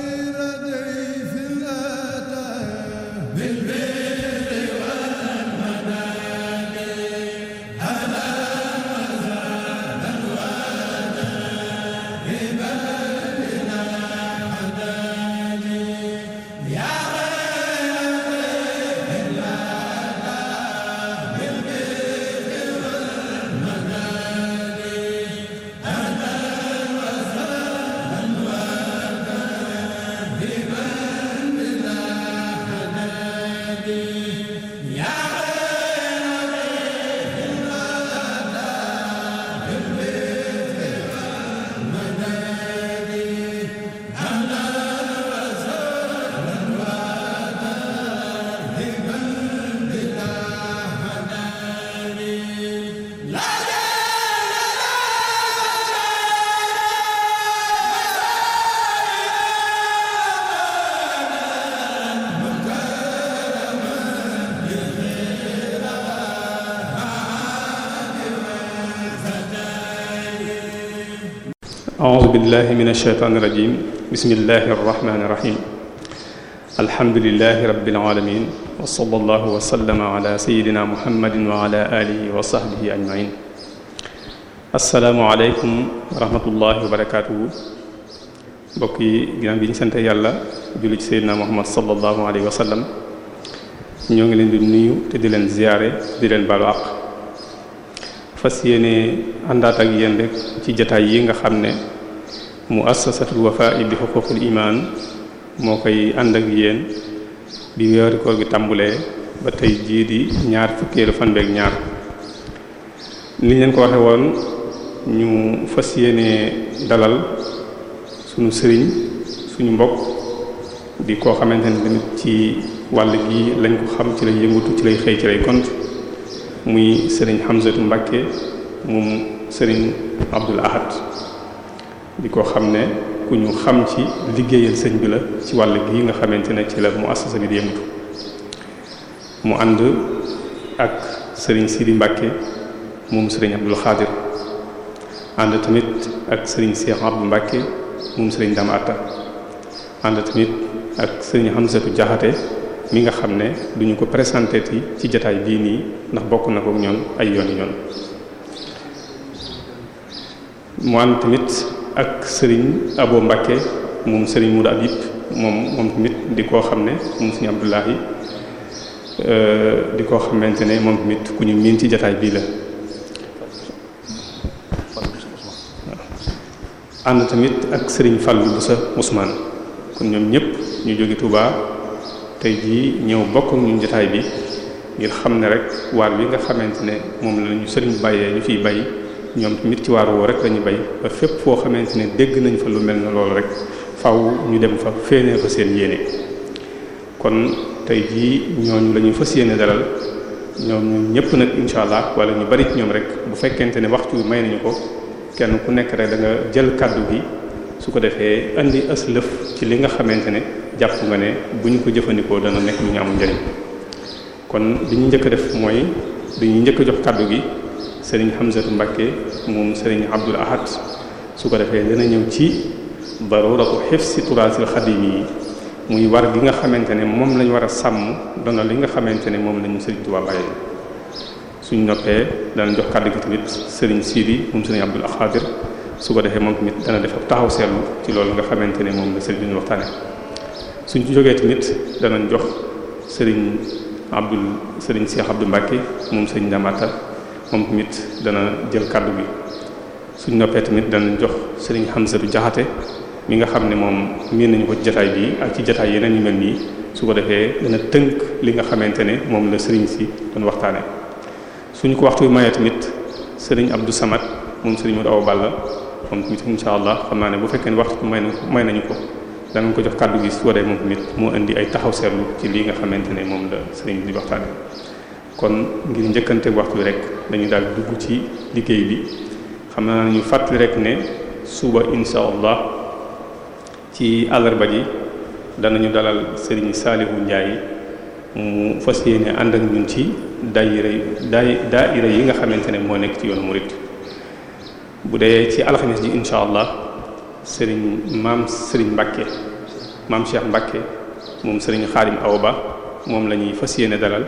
خير دين billahi min ashaytaani irajim bismillahi arrahmani irrahim alhamdulilahi rabbil alamin wa sallallahu wa sallama ala sayidina muhammadin wa ala alihi wa sahbihi ajmain asalaamualeykum wa rahmatullahi wa barakatuhu mbokk yi ginnaaw bi ñu sante yàlla julli ci sayidina muhammad sallallahu alayhi wa sallam ñoo ngi leen di nuyu te di leen ziyaare di leen baalu àq fas yéene àndaat ak yéen rek ci jataay yi nga xam ne mu assasatul wafaa bi xuququl iman moo koy ànd ak yéen bi weeru bi gi tàmbulee ba tey jii di ñaar fukkeelu fan beeg ñaar ni leen ko waxe woon ñu fas yéenee dalal suñu sëriñ suñu mbokk di koo xamante ne tamit ci wàll gi lañ ko xam ci lay yëngutu ci lay xëy ci lay gont muy sëriñ Hamzatu Mbàkke moom sëriñ Abdul Ahad di ko xam ne ku ñu xam ci liggéeyal sëñ bi la ci wàll gi nga xamante ne ci la mu assasa bi di mu ànd ak sëriñ Sidi Mbacke moom sëriñ Abdul Xaadir ànd tamit ak sëriñ Cheikh Abdou Mbacke moom sëriñ Dama Atta ànd tamit ak sëriñ Hamsatu Jaxate mi nga xam ne duñu ko présenté ti ci jataay bii nii ndax bokk na ko ñoom ay yoon yoon mu ànd tamit ak sëriñ Abo mbakke moom sëriñ Moudou Habib moom moom tamit di koo xam ne moom sëriñ euh, di koo xamante ne moom tamit ku ñu miin ci jataay bii la ànd tamit ak sëriñ Fallou Boussa kon ñoom ñëpp ñu jóge Touba tey jii ñëw bokk ñun jataay bi ngir xam ne rek waar bi nga xamante ne moom la ñu sëriñ bàyyee ñu fiy bay ñoom tamit ci waar woo rek lañu bay ba fépp foo xamante ne dégg nañ fa lu mel ne loolu rek faw ñu dem fa féenee fa seen yéene kon tey jii ñooñu la ñu fas yéene dalal ñoom ñoom ñëpp nag incha allah wala ñu bari ci ñoom rek bu fekkente ne waxtu bi may nañu ko kenn ku nekk rek da nga jël kàddu gi su ko defee indi as ci li nga xamante ne jàpp nga ne bu ñu ko jëfandikoo danga nekk lu ñu am njëriñ kon li ñu njëkk a def mooy dañuy njëkk a jox kàddu gi. sëriñ Hamzatu Mbakke moom sëriñ Abdul Ahad su ko defee dana ñëw ci daruratu hifsi turaasil xadim yi muy war gi nga xamante ne moom lañ war a sàmm doona li nga xamante ne moom lañu sëriñ Tuubaa bàyyi suñ noppee dana jox kàddu gi tamit sëriñ Sidi moom sëriñ Abdul Xaadir su ko defee moom tamit dana def taxaw seetlu ci loolu nga xamante ne moom la sëriñ duñu waxtaane suñ ci jógee tamit danañ jox sëriñ Abdul sëriñ Cheikh Abdou Mbacké moom sëriñ Damata moom tamit dana jël kàddu bi suñ noppee tamit dana jox sëriñ Hamsatu Jaxate mi nga xam ne moom miin nañu ko ci jataay bi ak ci jataay yeneen yu mel nii su ko defee dana tënk li nga xamante ne moom la sëriñ si doon waxtaane suñ ko waxtu mayee tamit sëriñ Abdou Samad moom sëriñ Modou Awa Balla moom tamit insha allah xam naa ne bu fekkee ne waxtu may may nañu ko danañ ko jox kàddu gi su waree moom tamit moo indi ay taxaw seetlu ci lii nga xamante ne moom la sëriñ bi di waxtaane kon ngir njëkkante waxtu rek dañu daal dugg ci liggéey bi xam naa ñu fàttali rek ne suba insha allah ci àllarba ji danañu dalal sëriñ Saalihu Ndiaye mu fas yéene ànd ak ñun ci daayira daayira yi nga xamante ne moo nekk ci yoonu murit bu dee ci alxamis ji insha allah sëriñ maam sëriñ Mbacke maam Cheikh Mbacke moom sëriñ Xaadim Awba moom la ñuy fas yéene dalal.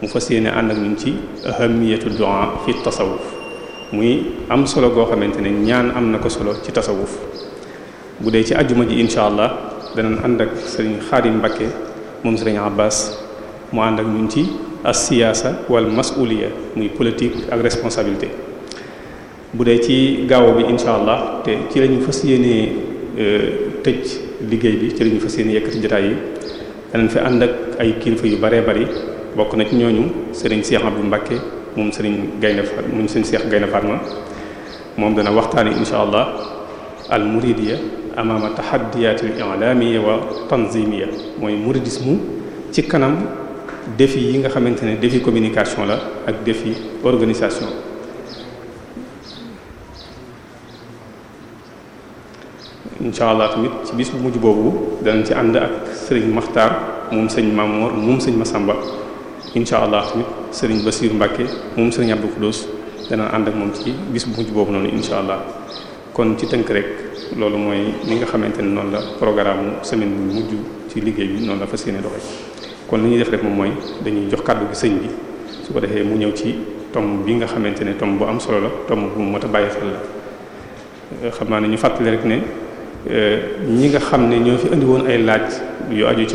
mu fas yéene ànd ak ñun ci ahamiyatu du'a fi tasawuf muy am solo goo xamante ne ñaan am na ko solo ci tasawuf bu dee ci ajjuma ji incha allah danañ ànd ak sëriñ Xaadim Mbakke moom sëriñ Abbas mu ànd ak ñun ci as-siyaasa mas mas'uliya muy politique ak responsabilité bu dee ci gaaw bi incha allah te ci lañu fas yéenee euh, tëj liggéey bi ci lañu fas yéenee yëkkati jotaay yi danañ fi ànd ak ay kilifa yu baree bari bokk na ci ñooñu sëriñ Cheikh Abdou Mbacké moom sëriñ Gaynde Fatma moom sëriñ Cheikh Gaynde Fatma moom dana waxtaane insha allah al muridiya amaama tahaddiyatil i'lamiyya wa tanzimiyya mooy mouridisme ci kanam defi yi nga xamante ne defi communication la ak défi organisation incha allah tamit ci bis bu mujj boobu danañ ci ànd ak sëriñ Maxtaar moom sëñ Mamoor moom sëñ Masamba incha allah sëriñ Basiir Mbàkke moom sëriñ Abdou Khoudoss dana ànd ak moom ci bis bu mujj boobu noonu incha allah kon ci tënk rek loolu mooy li nga xamante ne noonu la programme semaine bu mujj ci liggéey bi noonu la fas yéene doxee kon li ñuy def rek moom mooy dañuy jox kàddu gi sëñ bi su ko defee mu ñëw ci tomb bi nga xamante ne tomb bu am solo la tomb bu mot a bàyyi xel la euh, xam naa ne ñu fàttali rek ne euh, ñi nga xam ne ñoo fi indi woon ay laaj yu aju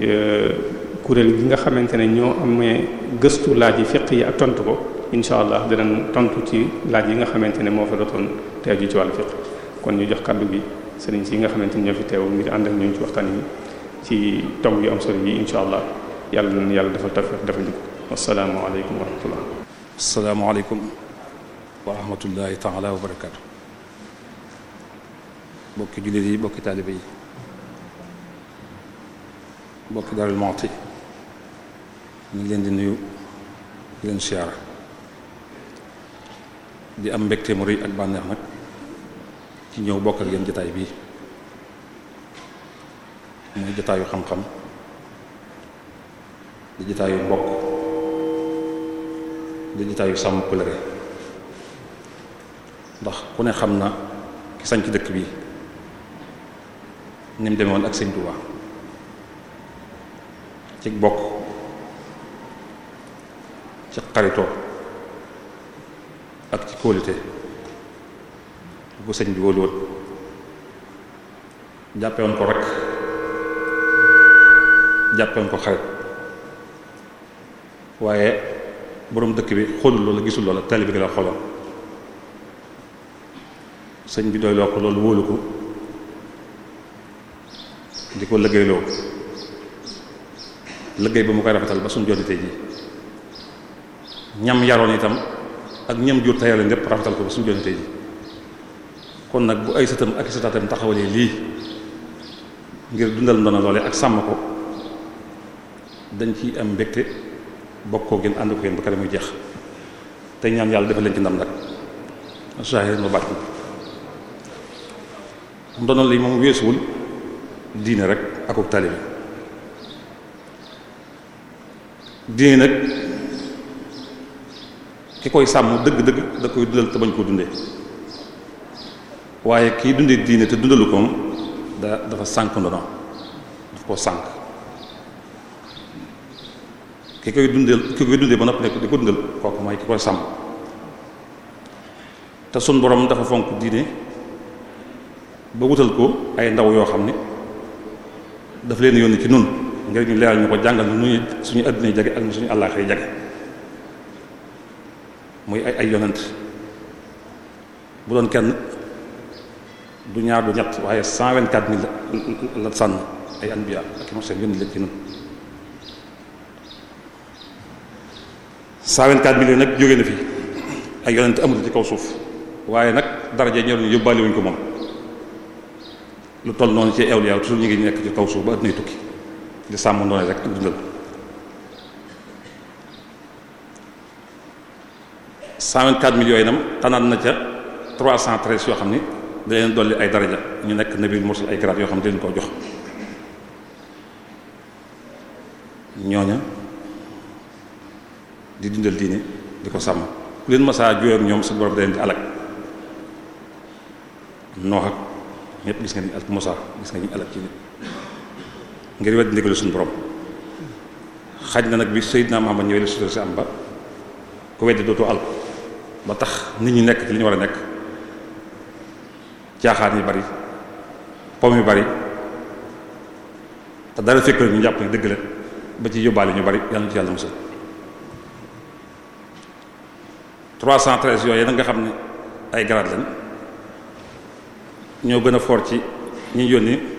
Euh, kuréel gi nga xamante ne ñoo amee gëstu laaj yi fiq yi ak tontu ko incha allah danañ tontu ci laaj yi nga xamante ne moo fa dotoon te aju ci wàllu fiq kon ñu jox kàddu bi sëriñ si yi nga xamante ni ñoo fi teew ngir ànd ak ñooñu ci waxtaan yi ci tomb yu am yi incha allah yàlla na yàlla dafa tawfiq dafa ñu ko asalaamaaleykum wa rahmatullah asalaamaaleykum wa rahmatullahi taala wa barakaatu bokki jullit yi bokki taalibe yi mbokki Darou Mouhty ñu ngi leen di nuyu di leen siyaara di am mbégte mu rëy ak bànneex nag ci ñëw bokk ak jataay jotaay bii muy jotaayu xam-xam di jotaayu mbokk di jotaayu sàmm kulëre ndax ku ne xam na ki sañ ci dëkk bi ni mu ak Sëñ Tuubaa ci bokk ci xaritoo ak ci kóolute bu ko sëñ bi wóolu woon ko rek jàppe ko xarit waaye boroom dëkk bi xoolul loola gisul loola tali bi nga la xooloon sëñ bi doy loo ko loolu wóolu ko di ko liggéeyloo liggéey ba mu koy rafetal ba suñ jonni tey ji ñam yaroon itam ak ñam jur tayale lépp rafetal ko ba suñ jonni ji kon nag bu ay sëtam ak sëtaatam taxawalee lii ngir dundal ndono loole ak sàmm ko dañ ci am mbégte bokkoo gën ànd ko yéen ba kare muy jeex te ñaan yàlla defal leen ci ndam nag saahir ma bàcc ndono li moom weesuwul diine rek akuk taalibe diine nag ki koy sàmm dëgg-dëgg da koy dundal te bañ koo dundee waaye kiy dundee diine te dundalu koom da dafa sànk ndono daf koo sànk ki koy dundeel ki koy dundee ba noppi nekk di ko dundal kooku mooy ki koy sàmm te suñ borom dafa fonk diine ba wutal ko ay ndaw yoo xam ne dafa leen yoon ci nun ngir ñu leeral ñu ko jàngal nu ñuy suñu adduna jage ak suñu àllaaxira jage muy ay ay yonent bu doon kenn du ñaar du ñett waaye cent vingt-quatre mille la sànn ay anbiya ak mursal yónni leen ci ñun nag jóge na fi ay yonent amul ci kaw suuf waaye nag daraje ñor ñu yóbbaale wuñ ko moom lu toll noonu ci awliya toujours ñu ngi nekk ci kaw suuf ba addunay tukki di sàmm ndoone rek ak dundal cent vingt-quatre millions yi nam tanaan na ca trois cent treize yoo xam ni da leen dolli ay daraja ñu nekk nabil mursal ay grade yoo xam ne dañu koo jox di dundal diine di ko sàmm ku leen masaa ñoom su borom daleen di alak noox ak ñépp gis nga ni alk mosaa gis nga ñu alak ci nit ngir wedd ndigalu suñu borom xaj na nag bi Seydina Muhammad ñëwee la sutura si am ba ku weddi dootoo al ba tax nit ñi nekk ci li ñu war a nekk caaxaan yi bari pom yu bari te dara fekk ñu jàpp ne dëgg la ba ci yóbbaale ñu bari yàlla na ci yàlla musal yooyu nag nga xam ne ay grade lañ ñoo gën a fort ci ñu yónni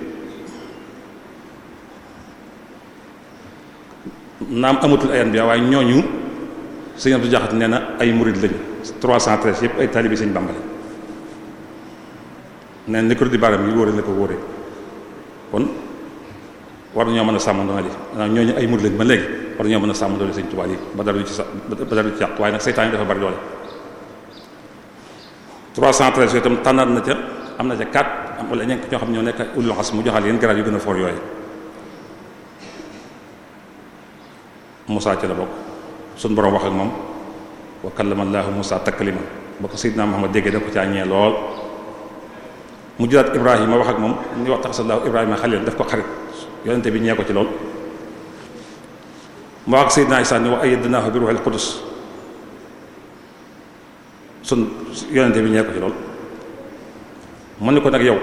naam amatul ay anbiya waaye ñooñu sëñ Abdou Diakhaté nee na ay murid lañu 313 yëpp ay taalibe sëñ Bamba lañ nee ni ko di baram yi wóore la ko wóore kon war nañoo mën a sàmm doona li maanaam ñooñu ba léegi war nañoo mën a sàmm doole sëñ Tuubaa ba dara ci sax dara ci yàq waaye nag seytaan yi dafa bari doole 313 yooyu itam tànnaat na ca am na ca 4 am wala ñenn ñoo xam ñoo nekk ulul xas mu joxal yéen grade yi gën a foor yooyu musaa ci la bokk suñu borom wax ak moom wa kallama Allahu Moussa taklima ba ko Seydina Muhammad déggee da ko caa ñee lool mu jëlaat Ibrahima wax ak moom ñu wax taxasallahu Ibrahima xalil daf ko xarit yonente bi ñee ko ci lool mu wax ak Seydina Isa ni wa ayyadnaahu bi ruhil qudus bi ñee ko ne ko nag yow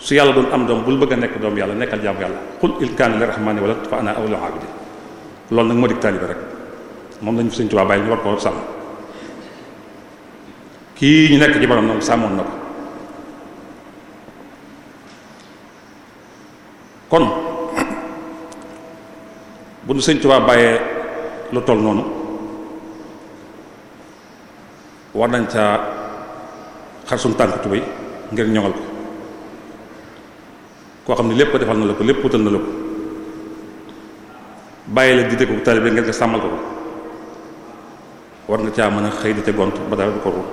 su yàlla doon am doom bul bëgg a nekk doom yàlla nekkal jàmm yàlla qul in kaana lirrahmaani walad fa ana awwalul aabidin loolu nag moo dik taalibe rek moom lañu fi Sëriñ Tuubaa bàyyi ñu war koo sàmm kii ñu nekk ci borom sàmmoon na ko kon bu nu Sëriñ Tuubaa bàyyee lu toll noonu war nañ sa xar suñ tànk tubéy ngir ñoŋal ko koo xam ne lépp ko defal na la ko lépp wutal na la ko bàyyi la dite ko taalibe ngeen ko sàmmal ko war nga caa mën a xëy di te gont ba dara du ko ruur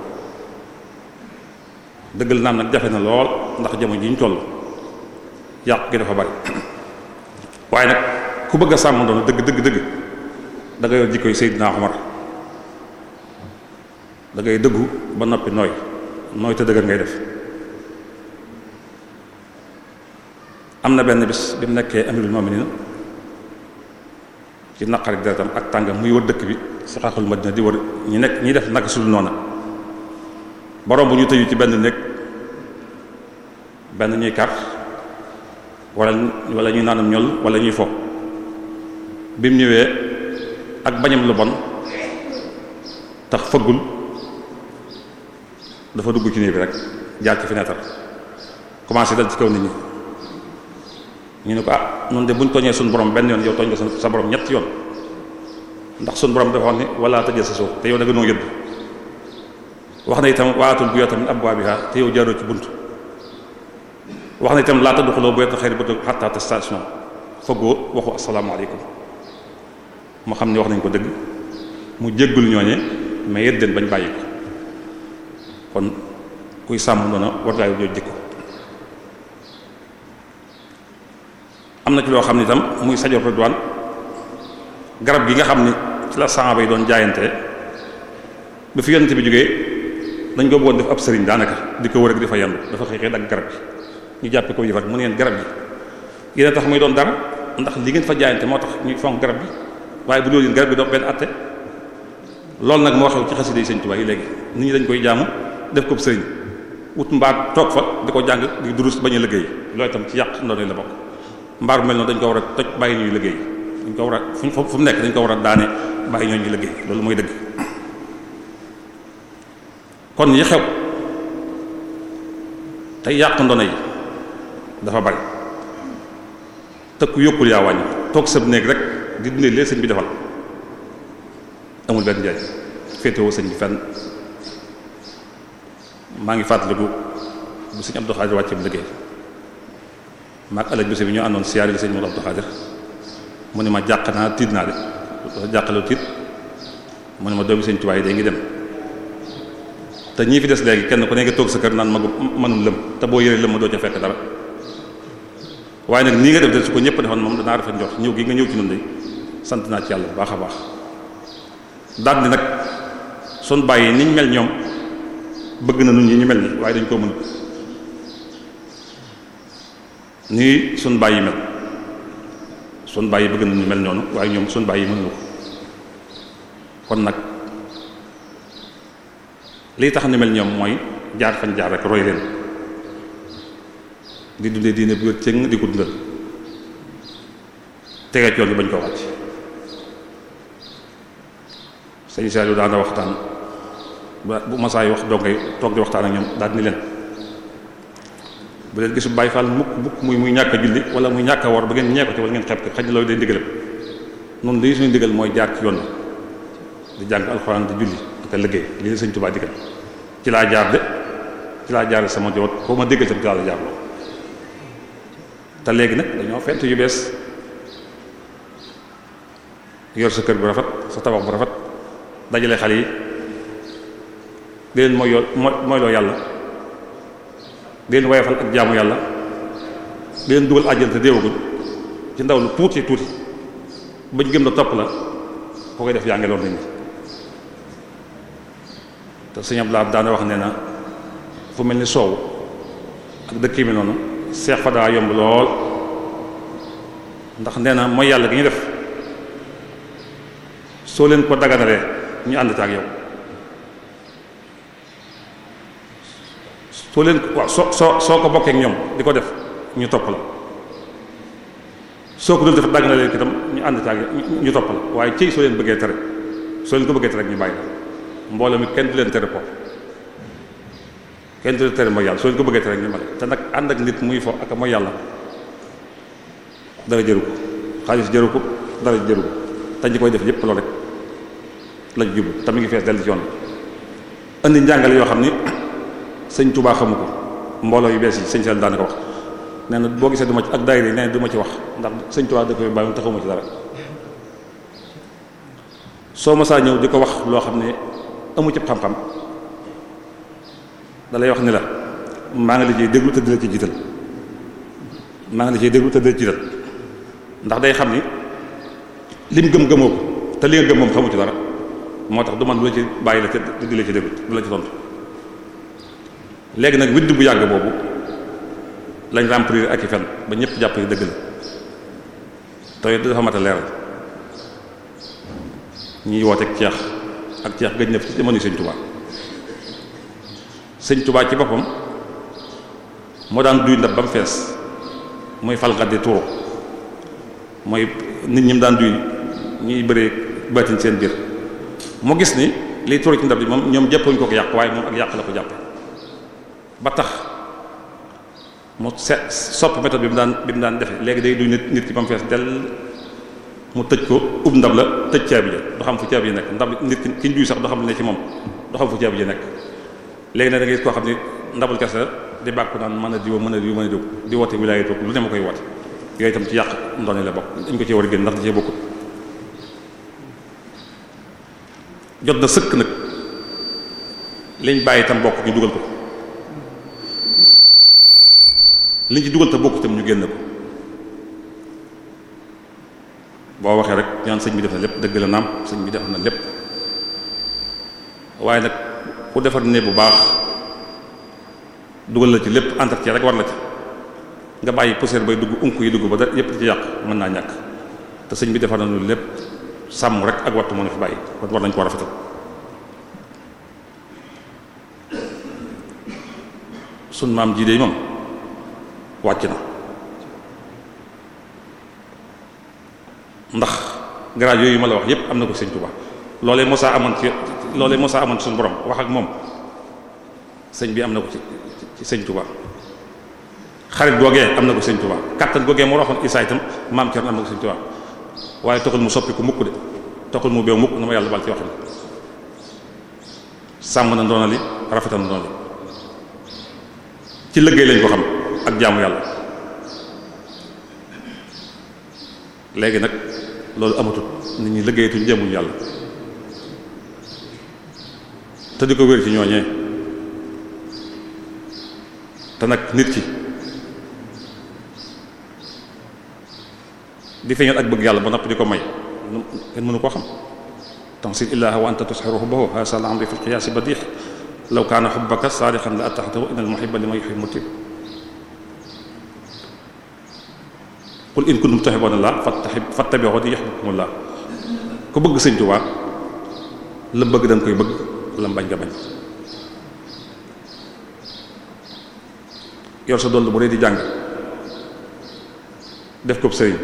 dëggal naan nag jafe na lool ndax jamono ji ñu toll yàq gi dafa bari waaye nag ku bëgg a sàmm doon dëgg dëgg dëgg da nga yor jikkoy Seydina Omar da dëggu ba noppi nooy nooy te dëgër ngay def am na benn bis bi mu nekkee amirul mu'minin ci naqari tam ak tàngam muy wër dëkk bi si xaaxul madina di wër ñi nekk ñi def naka sul noona borom bu ñu tëju ci benn néeg benn ñuy kar wala ñuy naanam ñol walla ñuy fo bi mu ñëwee ak bañam lu bon tax fëggul dafa dugg ci néeg bi rek jaar ci fenêtre commencé dal ci kaw nit ñi ñu ne ko ah noonu de buñ tooñee suñu borom benn yoon yow tooñ ko sa borom ñett yoon ndax suñu borom dafa wax ne wala tëjee sa suuf te yow da noo yëdd wax na itam waatul bu yootam abwaabiha te yow jaaroo ci bunt wax na itam laa tadxuluu buyuuta xayri buyuutikum hattaa station foogoo waxu asalaamaaleykum moo xam ne wax nañ ko dëgg mu jéggul ñooñe mais yedd leen bañ bàyyi ko kon kuy sàmm noonu war ngaa jikko am na ci loo xam ne itam muy sajoor ridwaan garab gi nga xam ni ci la saxaaba yi doon jaayante ba fi yonent bi jógee dañ ko bëggoon def ab sëriñ daanaka di ko wër ak di fa yendu dafa xëy xëy garab gi ñu jàppe ko yëfar mu ne garab gi yéen tax muy doon dara ndax li ngeen fa jaayante moo tax ñu fonk garab gi waaye bu dul yéen garab gi doon benn atte loolu nag moo xew ci xasida yi Sëriñ Tuubaa yi léegi nit ñi dañ koy jaamu def ko sëriñ wut mbaat toog fa di ko jàng di durus bañ a liggéey ci yàq ndoonee la mbaar mel noonu dañ ko war a toj bàyyi ñuy liggéey dañ ko war a fu mu nekk dañ ko war a daane bàyyi ñoo ñuy liggéey loolu mooy dëgg kon yi xew te yàq ndono yi dafa bari tëkku yokkul yaa wàññi toog sab néeg rek di dundee lee sëñ bi defal amul benn njariñ féetewoo sëñ bi fenn maa ngi fàttaliku bu sëñ Abdou Xaadir wàcce bu liggéey maag alaj bési bi ñoo àndoon siyaare la sëñ Modou Abdou Khadir mu ne ma jàq naa tiit naa de jàqalu tiit mu ne ma doomi sëñ Tuubaa yi day ngi dem te ñii fi des léegi kenn ku nekk toog sa kër naan magu manum lëm te boo yëree lëm ma doo ca fekk dara waaye nag nii nga def su ko ñëpp defoon moom danaa rafet njort ñëw gi nga ñëw ci noonu de sant naa ci yàlla bu baax a baax daal di nag sun bàyyi niñ mel ñoom bëgg na nun ñi ñu mel ni waaye dañ koo mënut nii suñ bàyyi mel suñ bàyyi bëgg nañu mel noonu waaye ñoom suñ bàyyi mënuñu ko kon nag lii tax ni mel ñoom mooy jaar fañ jaar rek roy leen di dundee diine bu cëng di ko dundal tege coon yi bañ ko wàcc sëñ Saliou daan na waxtaan bu masaay wax dongay toog di waxtaan ak ñoom daal ni leen bu leen gisu bàyyi faal mukk mukk muy muy ñàkk a julli wala muy ñàkk a wor ba ngeen ñee ko ci wala ngeen xeeb ko xaj loolu day ndigalam noonu lii suñu ndigal mooy jaar ci yoon di jàng alxuraan di julli ak liggéey lii sëñ Tuubaa digal ci laa jaar de ci laa jaar sama jot koo ma déggal tam ci laa la jaarloo te léegi nag dañoo fent yu bees yor sa kër bu rafet sa tabax bu rafet dajale xale yi di leen mooy mooy loo yàlla leen wayafal ak jaamu yàlla leen dugal àjjante déewagul ci ndaw lu tuuti tuuti bañ gëm la topp la ko koy def yaa ngi loon nit ñi te sëñ Abdoulaye daana wax nee na fu mel ni soow ak dëkk mi noonu seex fa daa yomb lool ndax nee na mooy yàlla gi ñu def soo leen ko daganalee ñu ànd ak yow soo leen waaw soo soo soo ko bokkeek ñoom di ko def ñu topp la soo ko dul def dagg na leen itam ñu ànd taag ñu topp la waaye ci soo leen bëggee tere soo leen ko bëggee tere ñu bàyyi la mi kenn du leen tere ko kenn ko bëggee tere ñu mel te nag ànd ak nit muy fo ak mooy yàlla dara jëru ko xaalis jëru ko dara jëru ko te ñi koy def yépp loolu rek lañ jublu te mi ngi fees dellu ci yoon indi njàngale yoo xam ni sëñ Touba xamu ko mbooloo yu bees yi sëñ Sall ko wax nee na boo gisee du ci ak daayira nee na du ma ci wax ndax sëñ Touba da koy bàyyi ci dara soo ma di ko wax loo xam ne amu ci xam-xam wax ni la maa ngi la ciy déglu te di la ci jiital maa ngi la ciy déglu te la ci jiital ndax dey xam ni lim gëm gëmoo ko te li nga gëm moom xamu ci dara moo tax du man du la ci bàyyi la te di la ci déglu du la ci tontu. léegi nag widd bu yàgg boobu lañ remplir ak i fen ba ñëpp jàpp ni dëgg la tey dafa mat a ñuy woote ceex ak ceex gëj na fi ci jamono Sëñ Tuubaa Sëñ ci boppam moo daan duy ndab ba mu fees muy falgat di tuuru mooy nit ñi mu daan duy ñuy bëree baatin seen biir mu gis ni liy tuuru ci ndab bi moom ñoom jàppuñ ko ko yàq waaye moom ak yàq la ko jàppe ba tax mu set sopp méthode bi mu daan bi mu daan defe léegi day duy nit nit ki ba mu fees dell mu tëj ko ub ndab la tëj caabi ja doo xam fu caabi ja nekk ndab nit ki ñu duy sax doo xam ne ci moom doo xam fu caabi nekk léegi nag da ngay koo xam ne ndabul kese la di bàkku naan mën a diw mën a diw mën a diw di woote wilaaya toog lu ne ma koy woote yooyu itam ci yàq ndoone la bokk dañ ko ci war a génn ndax da cee bokkut jot na sëkk nag liñ bàyyi itam bokk ñu dugal ko li ci dugal te bokk tam ñu génn ko boo waxee rek ñaan sëñ bi def na lépp dëgg la naam sëñ bi def na lépp waaye nag ku defar ne bu baax dugal la ci lépp entretien rek war la ci nga bàyyi poussière bay dugg unk yi dugg ba da yépp ci yàq mën naa ñàkk te sëñ bi defar na lu lépp sàmm rek ak wattu moo ne fi bàyyi kon war nañ ko rafetal sun maam jii de moom wàcc na ndax garaaj yooyu ma la wax yépp am na ko sëñ Tuba loolee Moussa amoon ci loolee Moussa amoon suñu borom wax ak moom sëñ bi am na ko ci ci sëñ xarit googee am na ko sëñ Tuba kàttan googee moo waxoon Isaa itam maam Cerno am na ko sëñ Tuba waaye taxul mu soppi ko mukk de taxul mu beew mukk na ma yàlla bal ci waxin sàmm na ndoonali rafetal na ndoonali ci liggéey lañ ko xam ak jaamu yàlla léegi nag loolu amatul nit ñi liggéeyatuñu jaamuñu yàlla te di ko wér ci ñooñee te nag nit ki di feeñal ak bëgg yàlla ba noppi di ko may kenn mënu koo xam tansil illaha wa anta tusxiru hubbahu hasa al amri fi lqiyaasi badix law kaana xubbaka saadixan la attaxtahu inal muhibba li ma yuhib mutib qul in kuntum tuhibbuuna llaah fattabi'uunii yuhbibkumullaah ku bëgg Sëriñ Tuubaa la bëgg da nga koy bëgg la bañ nga bañ yor sa doon bu dee di jàng def ko sëriñ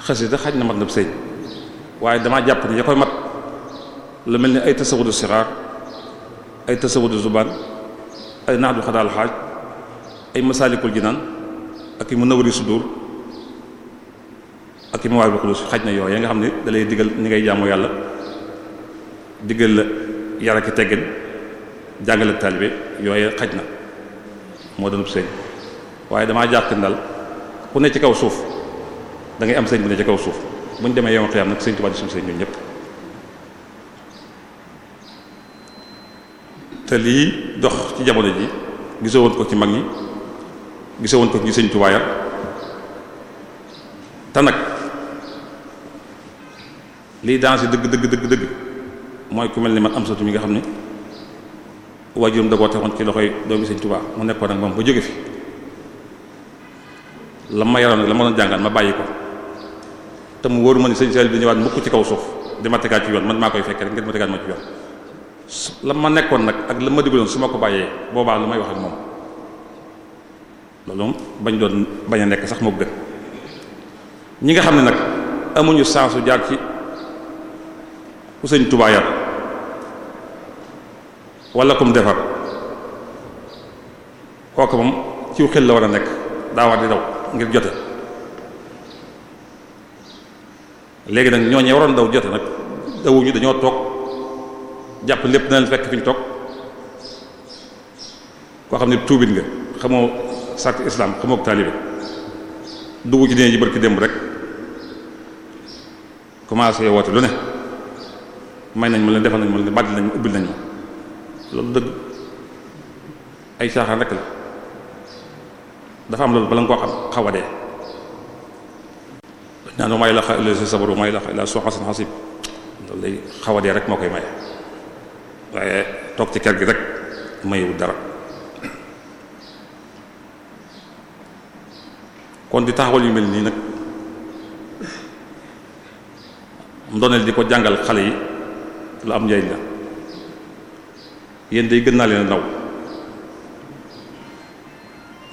xasida xaj na mat na sëriñ waaye damaa jàpp ni ya mat lu mel ni ay tasawudu siraar ay tasawudu zubaan ay naxdu xadaal xaaj ay masaalikul jinaan ak i munawwari sudur ak i mawaahibul qudus xaj na yooyu nga xam ne da lay digal ni ngay jaamu yàlla digal la yar ak teggin jàngal ak taalibe yooyu xaj na moo doon sëñ waaye damaa jàpp ndal ku ne ci kaw suuf dangay am sëñ bu ne ci kaw suuf bu ñu demee yow xiyaam nag sëñ Tuubaa di suñu sëñ ñun ñëpp. te lii dox ci jamono ji gisoo woon ko ci mag ñi. gise woon ko fi sëñ Tuubaa yar te nag liy danse dëgg dëgg dëgg dëgg mooy ku mel ni man am satu mi nga xam ne waajuram da koo tegoon ci loxoy doomi sëñ Tuubaa mu nekkoon ak moom ba jóge fi la ma yaroon nag la ma ma bàyyi ko te mu wóoru ma ni sëñ Saaliw bi ñëwaat mukk ci kaw suuf di tegaat ci yoon man maa koy fekke rek ngeen ma tegaat ma ci yoon la ma nekkoon nag ak la ma digaloon su ma ko bàyyee boobaa lu may wax ak moom loolu moom bañ doon bañ a nekk sax moo gën ñi nga xam ne nag amuñu sansu jaar ci ku sëñ Tuubaa yar wala kum defar kooku moom ciw xel la war a nekk daa war di daw ngir jote léegi nag ñooñee waroon daw jote nag dawuñu dañoo toog jàpp lépp na leen fekk fi toog koo xam ne tuubit nga xamoo sàkku islam xamook taalibe dugg ci dine ji ki démb rek commencé woote lu ne may nañ mu leen defal nañ ma leen bàddil nañ ma ubbil nañ ma loolu dëgg ay caaxaan rek la dafa am loolu bala nga koo xam xaw a may la xa illa si sabaru la xa illa xaw a dee moo koy may waaye toog ci kër gi rek mayewul dara kon di taxawal yu mel nii nag ndoneel di ko jàngal xale yi la am njariñ la yéen day gën naa leen ndaw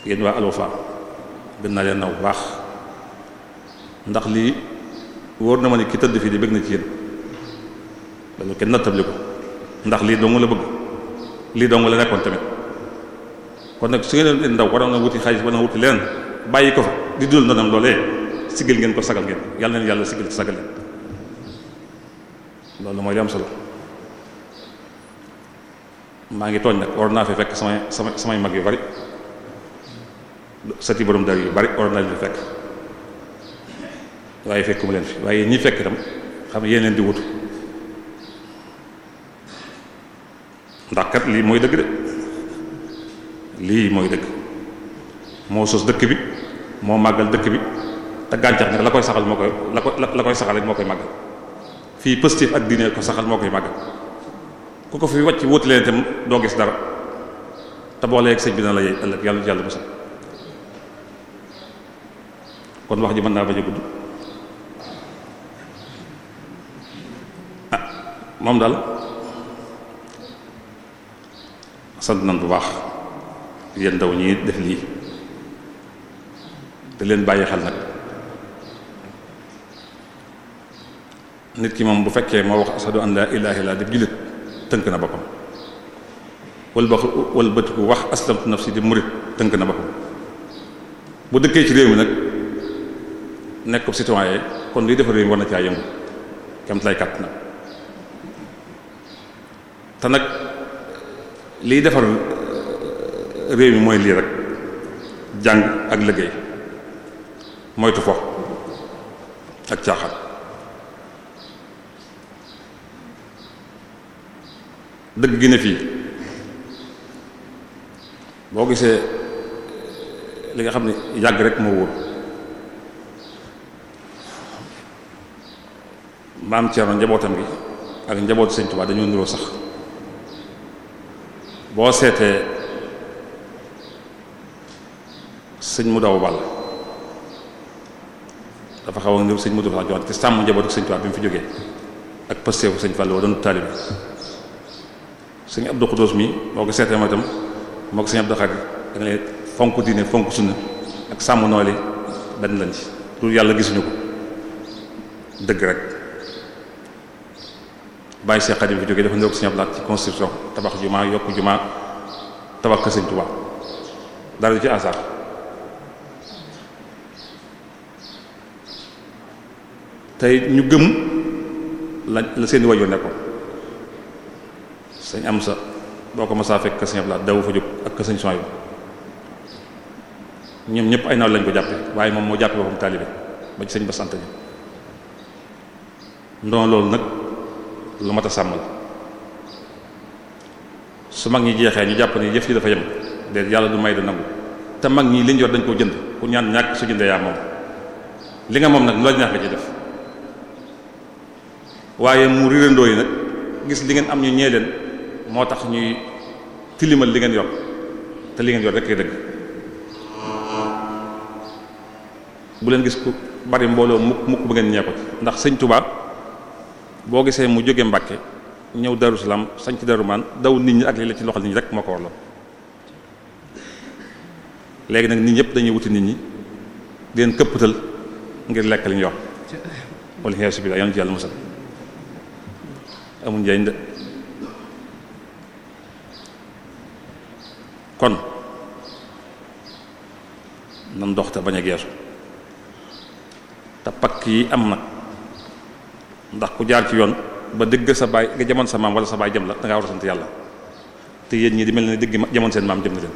yéen waa Alwafa gën naa leen naw baax ndax lii wóor na ma ne ki tëdd fii di bëgg na ci yéen loolu kenn nattable ko ndax lii dong la bëgg lii dong la nekkoon tamit kon nag su ngeen leen ndaw a na wuti xaalis wala wuti leen bàyyi ko di dul na loolee siggal ngeen ko sagal ngeen yàlla na yàlla siggal sagal leen loolu mooy li am solo maa ngi tooñ nag war naa fi fekk samay samay samay mag yu bari sati borom dara yu bari war naa leen fekk waaye fekkuma leen fi waaye ñi fekk itam xam yéen leen di wut ndax kat lii mooy dëgg de lii mooy dëgg moo sos dëkk bi moo màggal dëkk bi te gàncax nag la koy saxal moo koy la koy saxal rek moo koy màggal fii positif ak diine ko saxal moo koy màggal ku ko fi wacc wóotu leen itam doo gis dara te boolee ak sëñ bi na la yàlla yàlla musal kon wax ji mën naa bañ a gudd ah moom daal sant nañ bu baax yéen ndaw ñi def lii te leen bàyyi xel nag nit ki moom bu fekkee moo wax asadu an laa ilaaha illallaa di jullit tënk na boppam wal ba wax aslamtu si di murit tënk na boppam bu dëkkee ci réew mi nag nekk citoyen kon liy defar réew mi war na caa yëngu kemt lay kàtt nag te nag liy defar eh, réew mi mooy lii rek jàng ak liggéey moytu fo ak caaxaan dëgg gi ne fii boo gisee eh, li nga xam ne yàgg rek moo wóor maam Thierno njabootam gi ak njaboot Sëñ Tuubaa dañoo niroo sax boo seetee sëñ mu daw bàll dafa xaw a niru sëñ Modou Fall Dior te sàmm njabootu sëñ Tuubaa bi mu fi jógee ak pësteefu sëñ Fall woo doon taalibe sëñ Abdou Khoudoss mi moo ko seetee mooy itam moo ko sëñ Abdou Khadre da fonk diine fonk suñu ak sàmm noole benn lañ ci loolu yàlla gisuñu ko dëgg rek bàyyi see xarit bi fi jógee dafa niru sëñ Abdou Khadre ci constitution tabax jumaa yokk jumaa tabax ko sëñ Tuubaa dara du ci asar tey ñu gëm la la seeni waajur nekkoon sañ am sa boo ko masaa fekk sañ Abdou Lahad fa jóg ak sañ Souhaïbou ñoom ñëpp ay naw lañ ko jàppe waaye moom moo jàppe boppam taalibe ba ci ba sant ñi loolu nag lu mat a sàmm la su mag ñi jeexee ñu jàpp ni jëf yi dafa yem de yàlla du may da nangu te mag ñi liñ yor dañ koo jënd ku ñaan ñàkk su jëndee yaa moom li nga moom nag lu la neex nga ci def waaye mu rirandoo nag gis li ngeen am ñu ñee leen moo tax ñuy tilimal li ngeen yor te li ngeen yor rek kay dëgg bu leen gis ku bari mbooloo mukk mukk ba ngeen ñee ko ndax sañ tubaab boo gisee mu jóge Mbàkke ñëw Darou Salam sañ ci Darou Man daw nit ñi ak li la ci loxo nit ñi rek moo ko léegi nag nit ñëpp dañuy wuti nit ñi di leen këppatal ngir lekk li ñu yor wala xeesu bi daa yoon ci yàlla musal amul njariñ de kon nan dox te bañ a geesu te pakk yi am nag ndax ku jaar ci yoon ba dëgg sa baay nga jamoon sa maam wala sa baay jëm la da ngaa war a sant yàlla te yéen ñi di mel ne dëgg jamon seen maam jëm na leen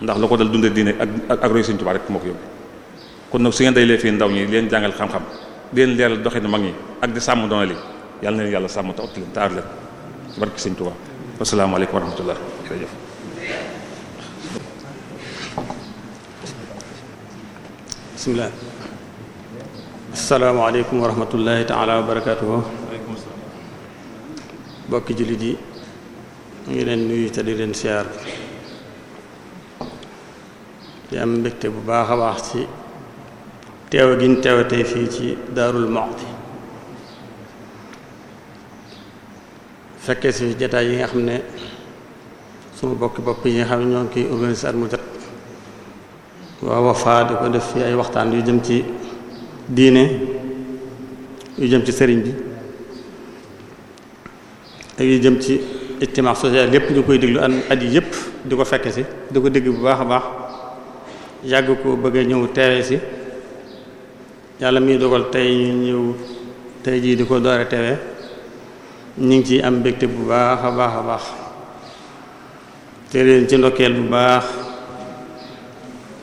ndax lu ko dal dunde diine ak ak roy Sëriñ Tuubaa rek moo ko yóbbu kon nag su ngeen day lee fii ndaw ñi leen jàngal xam-xam leen leeral doxin mag ñi ak di sàmm doona yàlla na leen yàlla sàmm te otti leen taar leen ci barke sëñ Tuubaa asalaamaaleykum wa rahmatullah bokki jullit yi ñu ngi leen nuyu te di leen siyaar di am mbégte bu baax a baax ci teew gi teew tey fii ci Daarul Muxti fekkee si jataay yi nga xam ne suma bokki bopp yi nga xam ne ñoo ngi koy organiser at mu jot waa di ko def fi ay waxtaan yu jëm ci diine yu jëm ci sëriñ bi ak yu jëm ci ijtimaa social yépp ñu koy déglu at yi yépp di ko fekke si di ko dégg bu baax a baax yàgg ko bëggee ñëw teewe si yàlla muy dogal tey ñëw tey jii di ko doore teewe ñu ngi ciy am mbégte bu baax a baax a baax te leen ci ndokkeel bu baax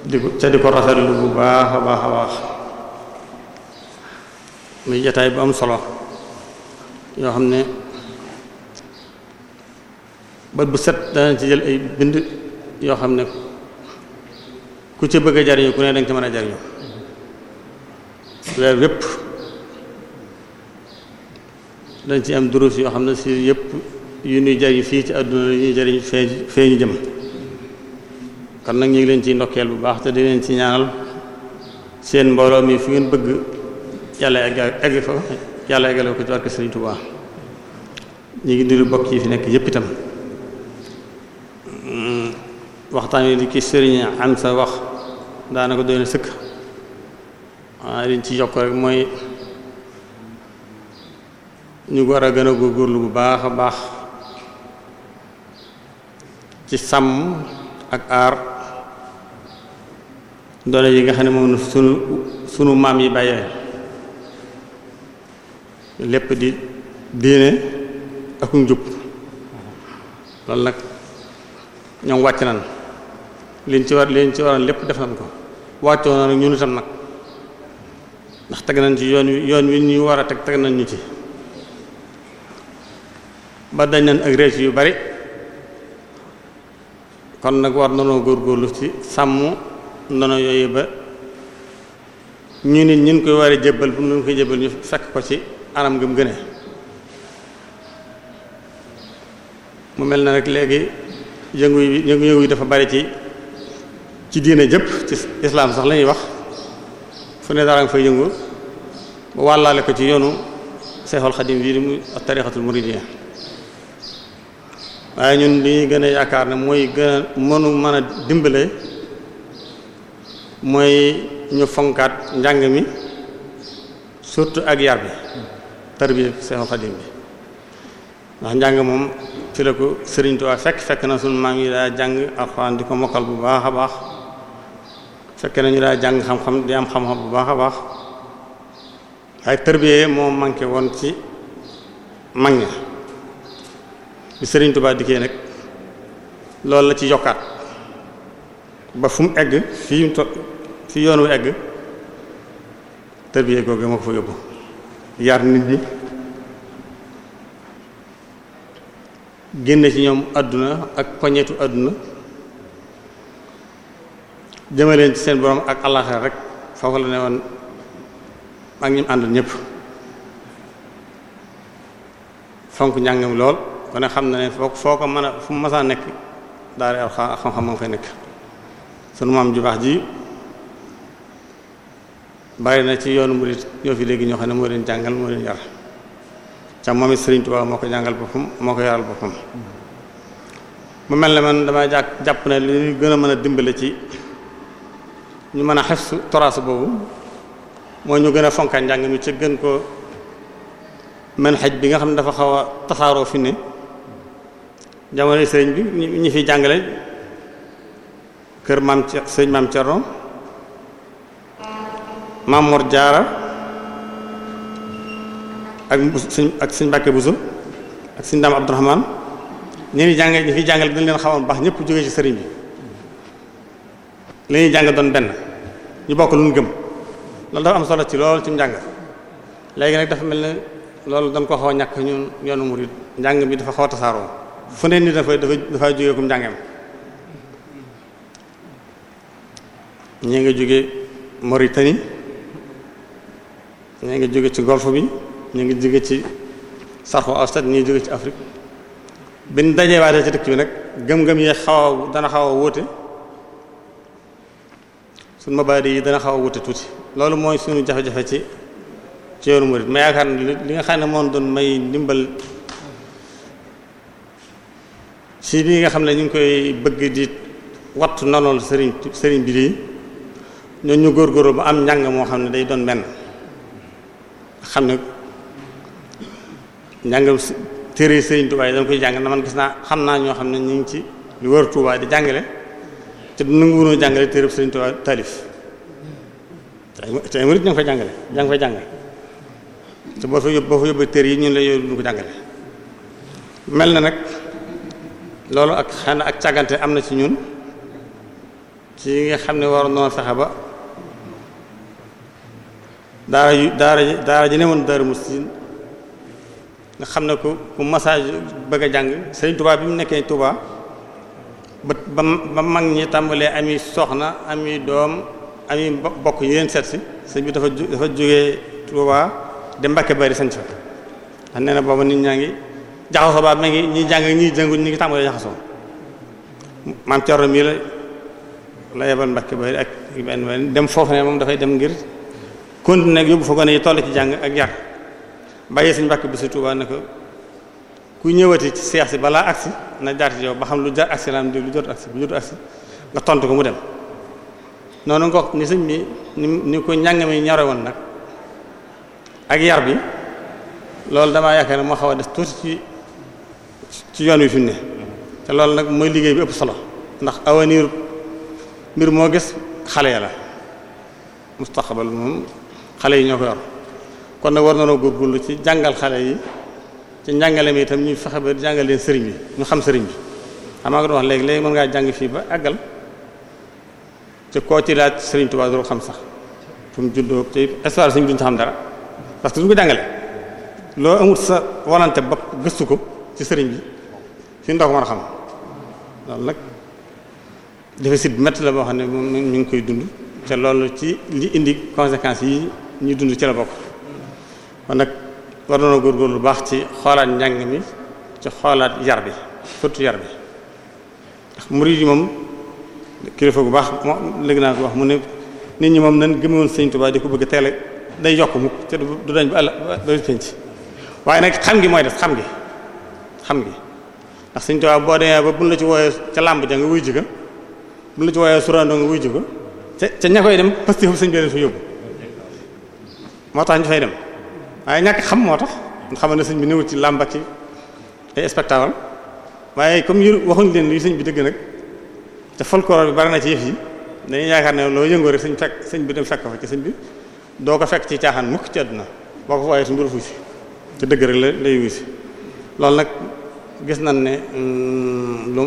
di ca di ko rafetlu bu baax a baax a baax muy jataay bu am solo yoo xam ne bët bu set danañ ci jël ay bind yoo xam ne ku ci bëgg a jariñu ku ne danga ci mën a jariñu weer wépp dañ ci am duruus yoo xam ne si yëpp yu ñuy jariñ fii ci àdduna yu ñuy jariñ fee fee jëm kon nag ñu ngi leen ci ndokkeel bu baax te di leen ci ñaanal seen mbooloo yi fi ngeen bëgg yàlla egg fa yàlla eggale ko ci barke bokk yi fi nekk yëpp mm, wi di ki sëriñ am sa wax daanaka doy na sëkk waaye liñ ci yokk rek mooy ñu war a gën a góorgóorlu bu baax a baax ci sàmm ak aar done yi nga xam ne moom sunu sunu maam yi bàyyee lépp di diine ak njub loolu nag ñoom wàcc nañ leen ci war leen ci waroon lépp def nañ ko wàccoo na nag ñun itam nag ndax teg nañ ci yoon wi yoon wi ñuy war a teg teg nañ ñu ci ba dañ nañ ak réew yu bari kon nag war góor góorlu ci sàmm ndono yooyu ba ñu nit ñun koy waree a jébbal bu ñu koy jébbal ñu fekk ko ci anam gëm gëne mu mel na rek léegi yëngu yëngu yëngu yi dafa bari ci ci diine jëpp ci islaam sax la wax fu ne dara nga yëngu ba wàllaale ko ci yoonu seexul xadim bii di mu tarixatul muridiyya waaye ñun li ñuy gën a yaakaar ne mooy gën a mënu mën a dimbale mooy ñu fonkaat njàng mi surtout ak yar bi tarbiya Seexul Xadiim bi ndax njàng moom ci la ko Sëriñ Tuubaa fekk fekk na sunu maam yi daa jàng alxuraan di ko mokkal bu baax a baax fekke nañu daa jàng xam-xam di am xam-xam bu baax a baax waaye tarbiya moo manqué woon ci mag ña bi Serigne Touba dikkee nag loolu la ci yokkaat ba fu mu egg fii mu to fi yoon wu egg tërbiyee googu moo ko fa yóbbu yar nit ñi génne ci ñoom àdduna ak poñetu àdduna jëmaleen ci seen borom ak àllaxira rek foofu la ne woon ak ñi mu àndal ñëpp fonk njàngam lool ku ne xam na ne foo foo ko mën a fu mu masaa nekk daara al xam-xam moo fay nekk sunu maam ju baax ji bari na ci yoonu murid ñoo fi léegi ñoo xam ne moo leen jàngal moo leen yar ca moom it Sëriñ Tuubaa moo ko jàngal boppam moo ko yaral boppam mel ne man damay jàpp jàpp ne li gën a mën a dimbale ci ñu mën a xefsu toraas boobu mooy ñu gën a fonka njàng mi ci gën ko mën xaj bi nga xam ne dafa xaw a fi ne jamonoy sëriñ bi ñu fi jàngale kër maam sëriñ maam Cerno maam Mor Jaara ak sëriñ ak sëriñ Mbàkke Buso ak sëriñ Daam Abdurahmaan ñu fi jàngale ñu fi jàngale dañ leen xamoon baax ñëpp jógee ci sëriñ bi li ñuy jàng doon benn ñu bokk lu ñu gëm loolu dafa am solo ci loolu ci njàng léegi nag dafa mel ne loolu dañ ko xaw a ñàkk ñun yoonu murid njàng bi dafa xaw tasaaroo fu ne nit dafa dafa dafa jógee kum njàngeem ñi nga jóge Mauritanie ñi nga jóge ci golfe bi ñi nga jóge ci sarxu austat ñi jóge ci Afrique biñ dajeewaatee ci dëkk bi nag gëm-gëm yi xaw a dana xaw a wóote suñ mabaadi yi dana xaw a wóote tuuti loolu mooy suñu jafe-jafe ci ci yoonu murid ma yaakaar ne li nga xam ne moom doon may ndimbal ci li nga xam ne ñu ngi koy bëgg di wattu nanool sëriñ sëriñ bi lii ñoo ñu góor góorgóorlu ba am njàng moo xam ne day doon benn xam ne njàngam téere sëriñ Tuubaa yi dañ koy jàng na man gis naa xam naa ñoo xam ne ñu ngi ci lu wër Tuubaa di jàngale te du nangu wunoo jàngale téere sëriñ Tuubaa taalif te murit ñu ngi fay jàngale ña ngi fay jàng te boo fa yóbbu boo fa yóbbu téere yi la yooyu ko jàngale mel na nag loolu ak xëy ak càggante am na ci ñun ci nga xam ne war noonu sexe ba daara yu daara ji daara ji ne woon Daaru Muxti nga xam ne ku ku message bëgg a jàng Sëriñ Tuubaa bi mu nekkee Tuubaa ba ba mag ñi tàmbalee ami soxna ami doom ami bokk yéen seet si sëñ bi dafa dafa jóge Tuubaa de Mbàkke Bari sañ fa xam ne na booba nit ñaa ngi jaxasoo ba ma ngi ñu jàng ñu jëngu ñi ngi tàmbalee jaxasoo maam Thierno mii la la yebal Mbàkke ba ak benn dem foofu ne moom dafay dem ngir continuer nag yóbbu fa gone yi toll ci jàng ak yar bàyyi suñ Mbàkke bi si Tuubaa ne ku ñëwati ci seex si balaa agsi na jaar ci yow ba xam lu jar agsi laam di lu jot agsi bu jot agsi nga tontu ko mu dem noonu nga ko ni sëñ bi ni ko njàng mi ñore woon nag ak yar bi loolu damaa yaakaar ne moo xaw a des tuuti ci ci yoon wi fi ne te loolu nag mooy liggéey bi ëpp solo ndax awaniir mbir moo gis xale ya la mustaqbal moom xale yi ñoo ko yor kon nag war nañoo góorgóorlu ci jàngal xale yi ci njàngale mi itam ñuy fexe ba jàngal leen sëriñ bi ñu xam sëriñ bi xam nga doon léegi léegi mën ngaa jàng fii ba àggal ci koo ci laaj sëriñ Tuubaa doo xam sax fu mu juddoo ci histoire sëriñ bi duñ xam dara parce que duñ ko jàngale loo amut sa volonté bopp gëstu ko ci sëriñ bi ci ndaw mën a xam loolu nag déficit bu métti la boo xam ne moom ñu ngi koy dund te loolu ci li indi conséquences yi ñu dund ci la bokk kon nag war góor góor lu baax ci xoolaat njàng mi ci xoolaat yar bi surtout yar bi ndax murid yi moom kilifa bu baax moo léegi naa ko wax mu ne nit ñi moom nañ gëmoon Sëriñ Tuubaa di ko bëgg teel day yokk mukk te du dañ ba àll ba penc waaye nag xam gi mooy def xam gi xam gi ndax Sëriñ Tuubaa boo demee la ci wooyee ca làmb ja nga wuy ji ko la ci wooyee surando nga wuy ji ko ca koy dem parce que sëñ bi leen moo tax ñu fay dem waaye ñàkk xam moo tax xamal ne sëñ bi néew ci làmb ci ay spectacle waaye comme yu waxuñ leen li sëñ bi dëgg nag te folklore bi bari na ci yëf yi yaakaar ne loo yëngoo rek sëñ fekk sëñ bi dem fekk fa ci sëñ bi doo ko fekk ci caaxaan mukk ci àdduna boo ko waaye suñu borofuy si te dëgg rek la lay wuy si loolu nag gis nañ ne mm, lu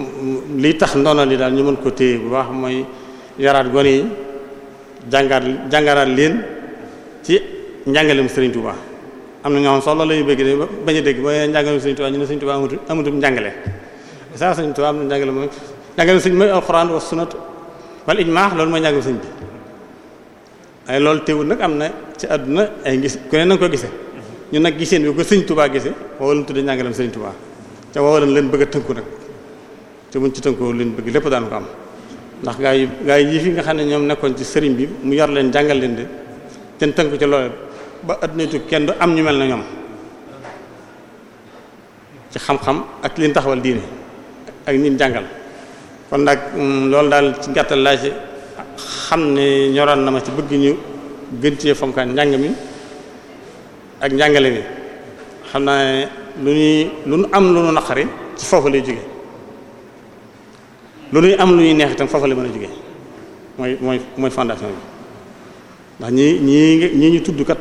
mm, tax ndono li daal ñu mën ko téye bu baax mooy yaraat gone yi jàngaat jàngaraat leen ci mu Serigne Touba am na ñoo xam solo la ñu bëgg de bañ a dégg ba njàngalem Serigne Touba ñu ne Serigne Touba amatul amatul njàngale saa Serigne Touba am na njàngale mooy njàngale Serigne mooy alxuraan wa sunnat wal ijmaa loolu mooy njàngale Serigne bi ay loolu teewul nag am na ci àdduna ay gis ku ne na nga ko gisee ñun nag giseen bi ko Serigne tubaa gisee wala lu tudde njàngalem Serigne ca woowu lañ leen bëgg a tënku rek te buñ ci tënkoo leen bëgg lépp daan ko am ndax gaa yi gaa yi fi nga xam ne ñoom nekkoon ci sëriñ bi mu yar leen jàngal leen de ten tënku ci loole ba adduna tukki kenn du am ñu mel na ñoom ci xam-xam ak leen taxawal diine ak ñin jàngal kon nag mm, loolu daal ci gàttal laa ci xam ne ñoraan na ma ci bëgg ñu gën ci fonkaan njàng mi ak njàngale mi xam naa lu ñuy lu ñu am lu ñu naqari ci foofu lay jóge lu ñuy am lu ñuy neex itam foofu lay mën a jóge mooy mooy mooy fondation ndax ñi ñii ñii ñu tudd kat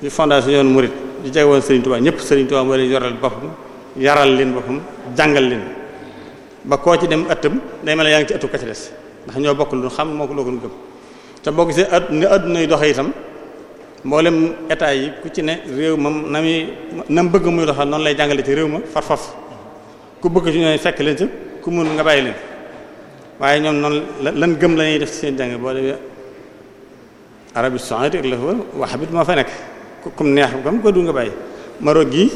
ci fondation yoonu murid di jege woon Serigne Touba ñëpp Serigne Touba moo leen yoral boppam yaral leen boppam jàngal leen ba koo ci dem ëttam day mel ne yaa ngi ci ëttu ka ci des ndax ñoo bokk lu xam moo ko loo gëm te boo gisee at ne adduna doxe itam mboolem état yi ku ci ne réew mam na muy na mu bëgg muy doxal noonu lay jàngale ci réew ma far faf ku bëgg ci ñooy fekk leen ci ku mun nga bàyyi leen waaye ñoom noonu lan gëm lañuy def ci seen boo demee Arabie saoudite ak la fa moo fa nekk comme neex comme ko du nga bàyyi Maroc gi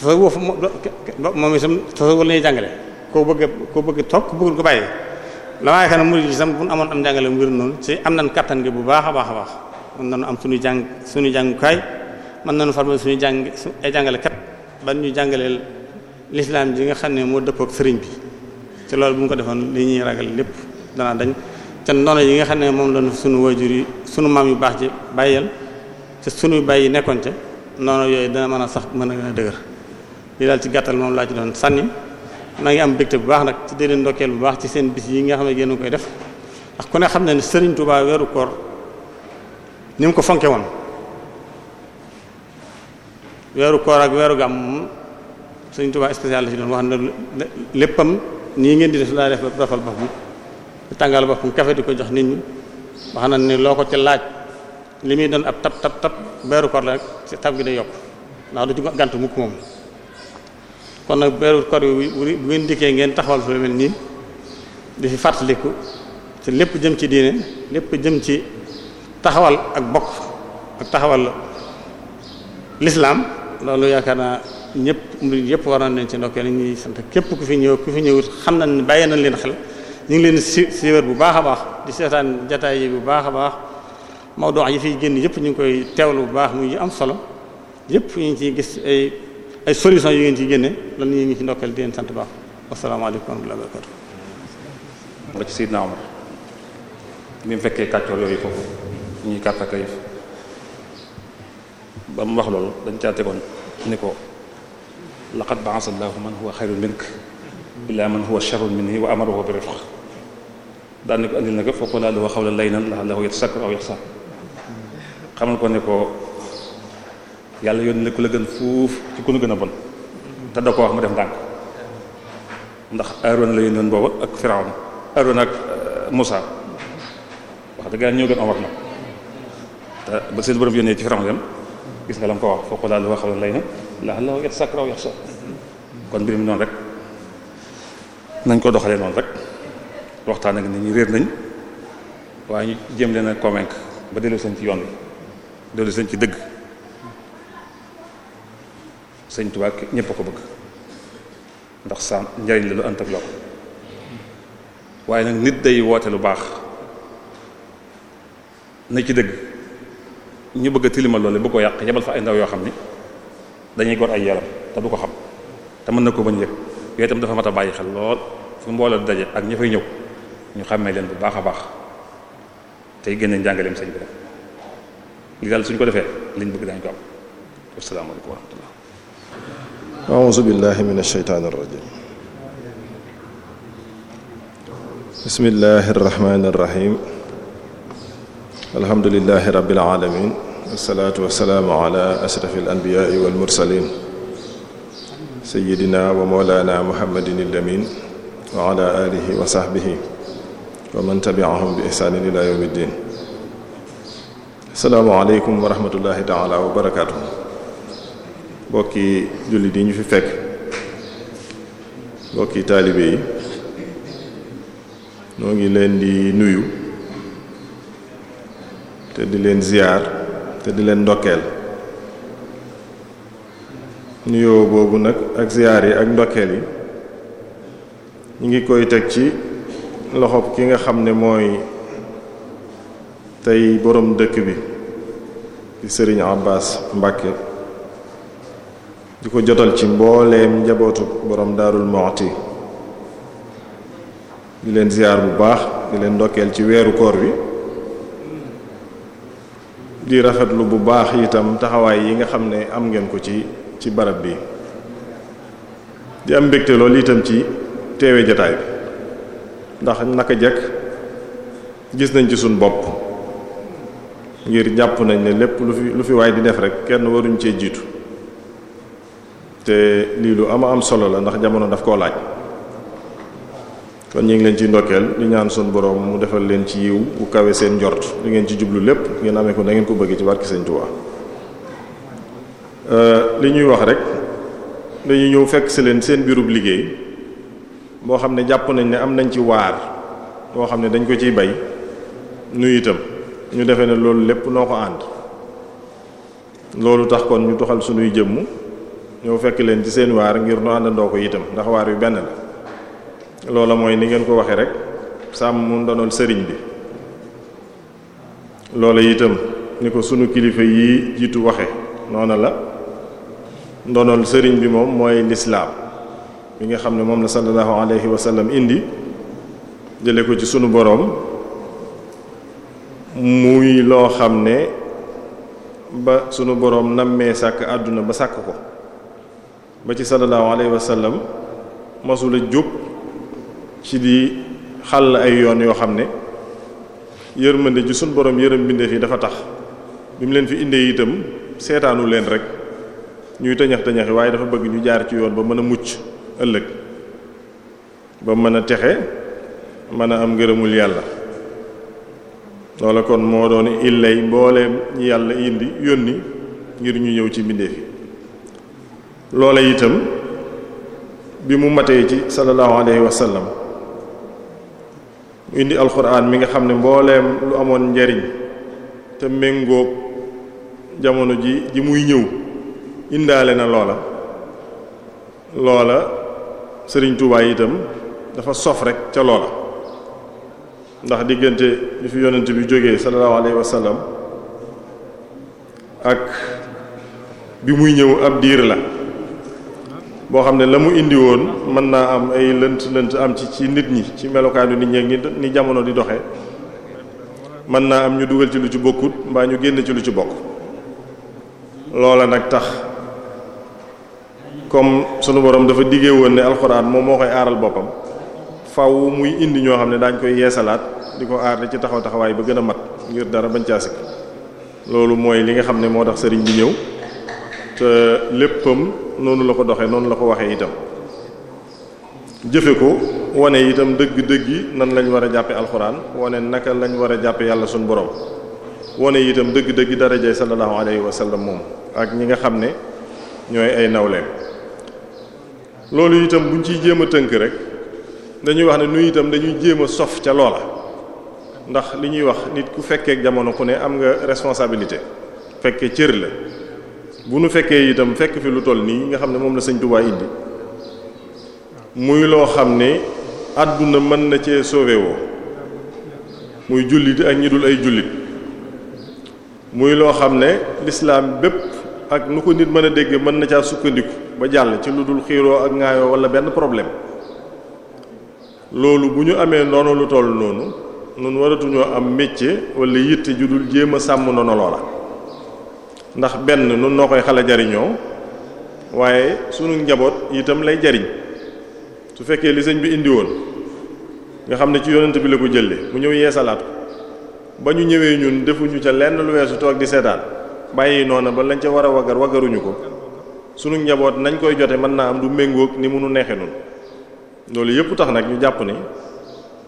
tasawuf moom itam tasawuf la ñuy jàngale koo bëgg koo bëgg toog ku bëggul ko bàyyi la waaye xanaa murid yi sam bu amoon am jàngale mu ngir noonu ci am nañ kattan gi bu baax a baax a baax mën nañu am suñu jàng suñu jàngukaay mën nañu former suñu jàng ay jàngalekat ba ñu jàngaleel lislaam ji nga xam ne moo dëppook sëriñ bi ci loolu bu ko defoon li ñuy ragal lépp dana dañ te noonu yi nga xam ne moom lañu suñu waajur yi suñu maam yu baax ji bàyyeel te suñu bàyyi nekkoon ca noonu yooyu dana mën a sax mën a dëgër li daal ci gàttal moom laa ci doon sànni maa ngi am bégte bu baax nag ci di leen ndokkeel bu baax ci seen bis yi nga xam ne yéen koy def ndax ku ne xam ne ne Sëriñ Tuubaa weeru koor ni mu ko fonke woon weeru koor ak weeru gàmm moom Sëriñ Tuubaa spécial la ci doon wax na léppam nii ngeen di def laa def defal boppam tàngal boppam kafe di ko jox nit ñi wax na ne loo ko ci laaj li muy doon ab tab tab tab weeru koor la rek ci tab gi day yokk ndax du ci gànt mukk moom kon nag weeru koor bi bu ngeen dikkee ngeen taxawal fu mel nii di fi fàttaliku ci lépp jëm ci diine lépp jëm ci taxawal ak bokk ak taxawal lislaam loolu yaakaar naa ñëpp mbir yëpp war nañ ci ndokkee nañ ñuy sant képp ku fi ñëw ki fi ñëw xam nañ ni bàyyi nañ leen xel ñu ngi leen si siiwar bu baax a baax di seetaan jataay yi bu baax a baax moo mawduu yi fiy génn yëpp ñu ngi koy teewlu bu baax muy am solo yëpp ñu ngi ciy gis ay ay solution yu ngeen ci génne lan ñu ngi ci ndokkeel di leen sant baax wasalaamaaleykum wa rahmatullahi wa barakatuh nga ci Seydina Omar bi mu fekkee kàccoor ñuy kàtt kayif ba mu wax loolu dañ caa tegoon ni ko laqad ba'asa Allahu man huwa xayrun mink ila man huwa sharrun minhu wa amarahu bi rifq daan ni ko andil na ko foofu laa lahu xawla laynan la'allahu yatasakkar aw yaxsa xamal ko ne ko yàlla ku la gën fuuf ci ku gën a bon te da ko wax mu def ndànk ndax Aaroon la yónni woon ak Firawna Aaroon ak euh, Muusaa wax dëgg yàlla gën a war na te ba seen borom yónnee ci Firawna dem gis nga la mu ko wax foofu daal di wax lay ne la la yatasakkaru aw yaxsaa kon mbir mi noonu rek nañ ko doxalee noonu rek waxtaan ak nit ñi réer nañ waaye ñu jéem leen a ba delloo seen ci yoon bi delloo seen ci dëgg sëñ Tuubaa ñëpp ko bëgg ndax sa njariñ la lu ant ak lor waaye nag nit day woote lu baax na ci dëgg. ñu bëgg a tilimal loolu bu ko yàq yebal fa ay ndaw yoo xam ni dañuy gor ay yaram te du ko xam te mën na ko bañ yëg yooyu itam dafa mat a bàyyi xel lool fu mbooloo daje ak ña fay ñëw ñu xàmmee leen bu baax a baax tey génne njàngaleem sëñ bi li daal suñ ko defee liñ bëgg dañ ko am asalaamaaleykum a rahmatullah a'uuzu billahi minash shaytaanir rajiim bismillahir rahmaanir rahiim alhamdulilahi rabbil alamin wassalaatu wassalaamu ala ashraf alanbiyaai walmursalin sayidina wa moolana muhammadin ilamin wa ala alihi wa sahbihi wa man tabiahum bi ihsaanin ila yawmi ddin asalaamu aleykum wa rahmatullahi taala wa barakaatu mbokki jullit yi ñu fekk mbokki taalibe yi ngi leen di nuyu te di leen ziyaar te di leen ndokkeel nuyoo boobu nag ak ziyaar yi ak ndokkeel yi ñu ngi koy teg ci loxob ki nga xam ne mooy tey boroom dëkk bi di Serigne Abbas Mbacke di ko jotal ci mbooleem njabootu boroom Darou Moukhty di leen ziyaar bu baax di leen ndokkeel ci weeru koor wi di rafetlu bu baax itam taxawaay yi nga xam ne am ngeen ko ci ci barab bi di am mbégte loolu itam ci teewe jataay bi ndax naka jekk gis nañ ci sunu bopp ngir jàpp nañ ne lépp lu fi lu fi waay di def rek kenn waruñ cee jiitu te lii lu ama am solo la ndax jamono daf koo laaj kon ñu ngi leen ciy ndokkeel li ñaan sun boroom mu defal leen ci yiw bu kawee seen njort li ngeen ci jublu lépp ngeen amee ko da ngeen ko bëgg ci barki Sëriñ Tuubaa euh, li ñuy wax rek dañuy ñëw fekk si leen seen biirub liggéey boo xam ne jàpp nañ ne am nañ ci waar boo xam ne dañ ko ciy bay nuyu itam ñu defee ne loolu lépp noo ko ànd loolu tax kon ñu toxal sunuy jëmm ñëw fekk leen ci seen waar ngir nu àndandoo ko yitam ndax waar yu benn la loola mooy ni ngeen ko waxee rek sàmm mu ndonool sëriñ bi loola itam ni ko sunu kilifa yi jiitu waxe noona la ndonool sëriñ bi moom mooy lislaam bi nga xam ne moom la sallallahu alayhi wa sallam indi jële ko ci sunu boroom muy loo xam ne ba sunu boroom nammee sàkk àdduna ba sàkk ko ba ci sallallahu alayhi wa masula jub ci di xàll ay yoon yoo xam ne yërmande ji suñ borom yërëm bindeef yi dafa tax bi mu leen fi indee itam seetaanu leen rek ñuy tëñax tëñaxi waaye dafa bëgg ñu jaar ci yoon ba mën a mucc ëllëg ba mën a texe mën a am ngërëmul yàlla loola kon moo doon illay mbooleem yàlla indi yónni ngir ñu ñëw ci mbindeef yi loola itam bi mu matee ci sallallahu alayhi wa sallam indi alxuraan mi nga xam ne mbooleem lu amoon njariñ te méngoog jamono ji ji muy ñëw indaale na loola loola sëriñ Tuubaa itam dafa sof rek ca loola ndax diggante li fi yonent bi jóge sallallahu alayhi wa ak bi muy ñëw ab diir la boo xam ne la mu indi woon mën naa am ay lënt lënt am ci ci nit ñi ci melokaanu nit ñi ni jamono di doxee mën naa am ñu dugal ci lu ci bokkut mbaa ñu génn ci lu ci bokk loola nag tax comme sunu borom dafa diggee woon ne alxuraan moom moo koy aaral boppam faw muy indi ñoo xam ne daañ koy yeesalaat di ko aar ci taxaw taxawaay ba gën a mat ngir dara bañ caa loolu mooy li nga xam ne moo tax sëriñ bi ñëw te léppam noonu la ko doxee noonu la ko waxee itam jëfe ko wane itam dëgg-dëgg nan lañ war a jàppe alxuraan wane naka lañ war a jàppe yàlla suñu borom wane itam dëgg-dëgg darajay sallallahu alayhi wa sallam moom ak ñi nga xam ne ñooy ay nawleem loolu itam buñ ciy jéem a tënk rek dañuy wax ne nuy itam dañuy jéem a sof ca loola ndax li ñuy wax nit ku fekkee jamono ku ne am nga responsabilité fekke cër la bu nu fekkee itam fekk fi lu toll nii nga xam ne moom la sañ Tuubaa indi muy loo xam ne àdduna mën na cee sauver muy jullit ak ñi dul ay jullit muy loo xam ne lislaam bépp ak nu ko nit mën a dégg mën na caa sukkandiku ba jàll ci lu dul xiiroo ak ŋaayoo wala benn problème loolu bu ñu amee noonu lu toll noonu nun waratuñoo am métier wala yitte ju dul jéem a sàmm noonu loola ndax benn nun noo koy xala jariñoo waaye sunu njaboot yitam lay jariñ su fekkee li sëñ bi indi woon nga xam ne ci yonent bi la ko jëlee mu ñëw yeesalaat ko ba ñu ñëwee ñun defuñu ca lenn lu weesu toog di seetaan bàyyi noona ba lañ ca war a wagar wagaruñu ko sunu njaboot nañ koy jote mën naa am du méngook ni munu neexe nun loolu yëpp tax nag ñu jàpp ni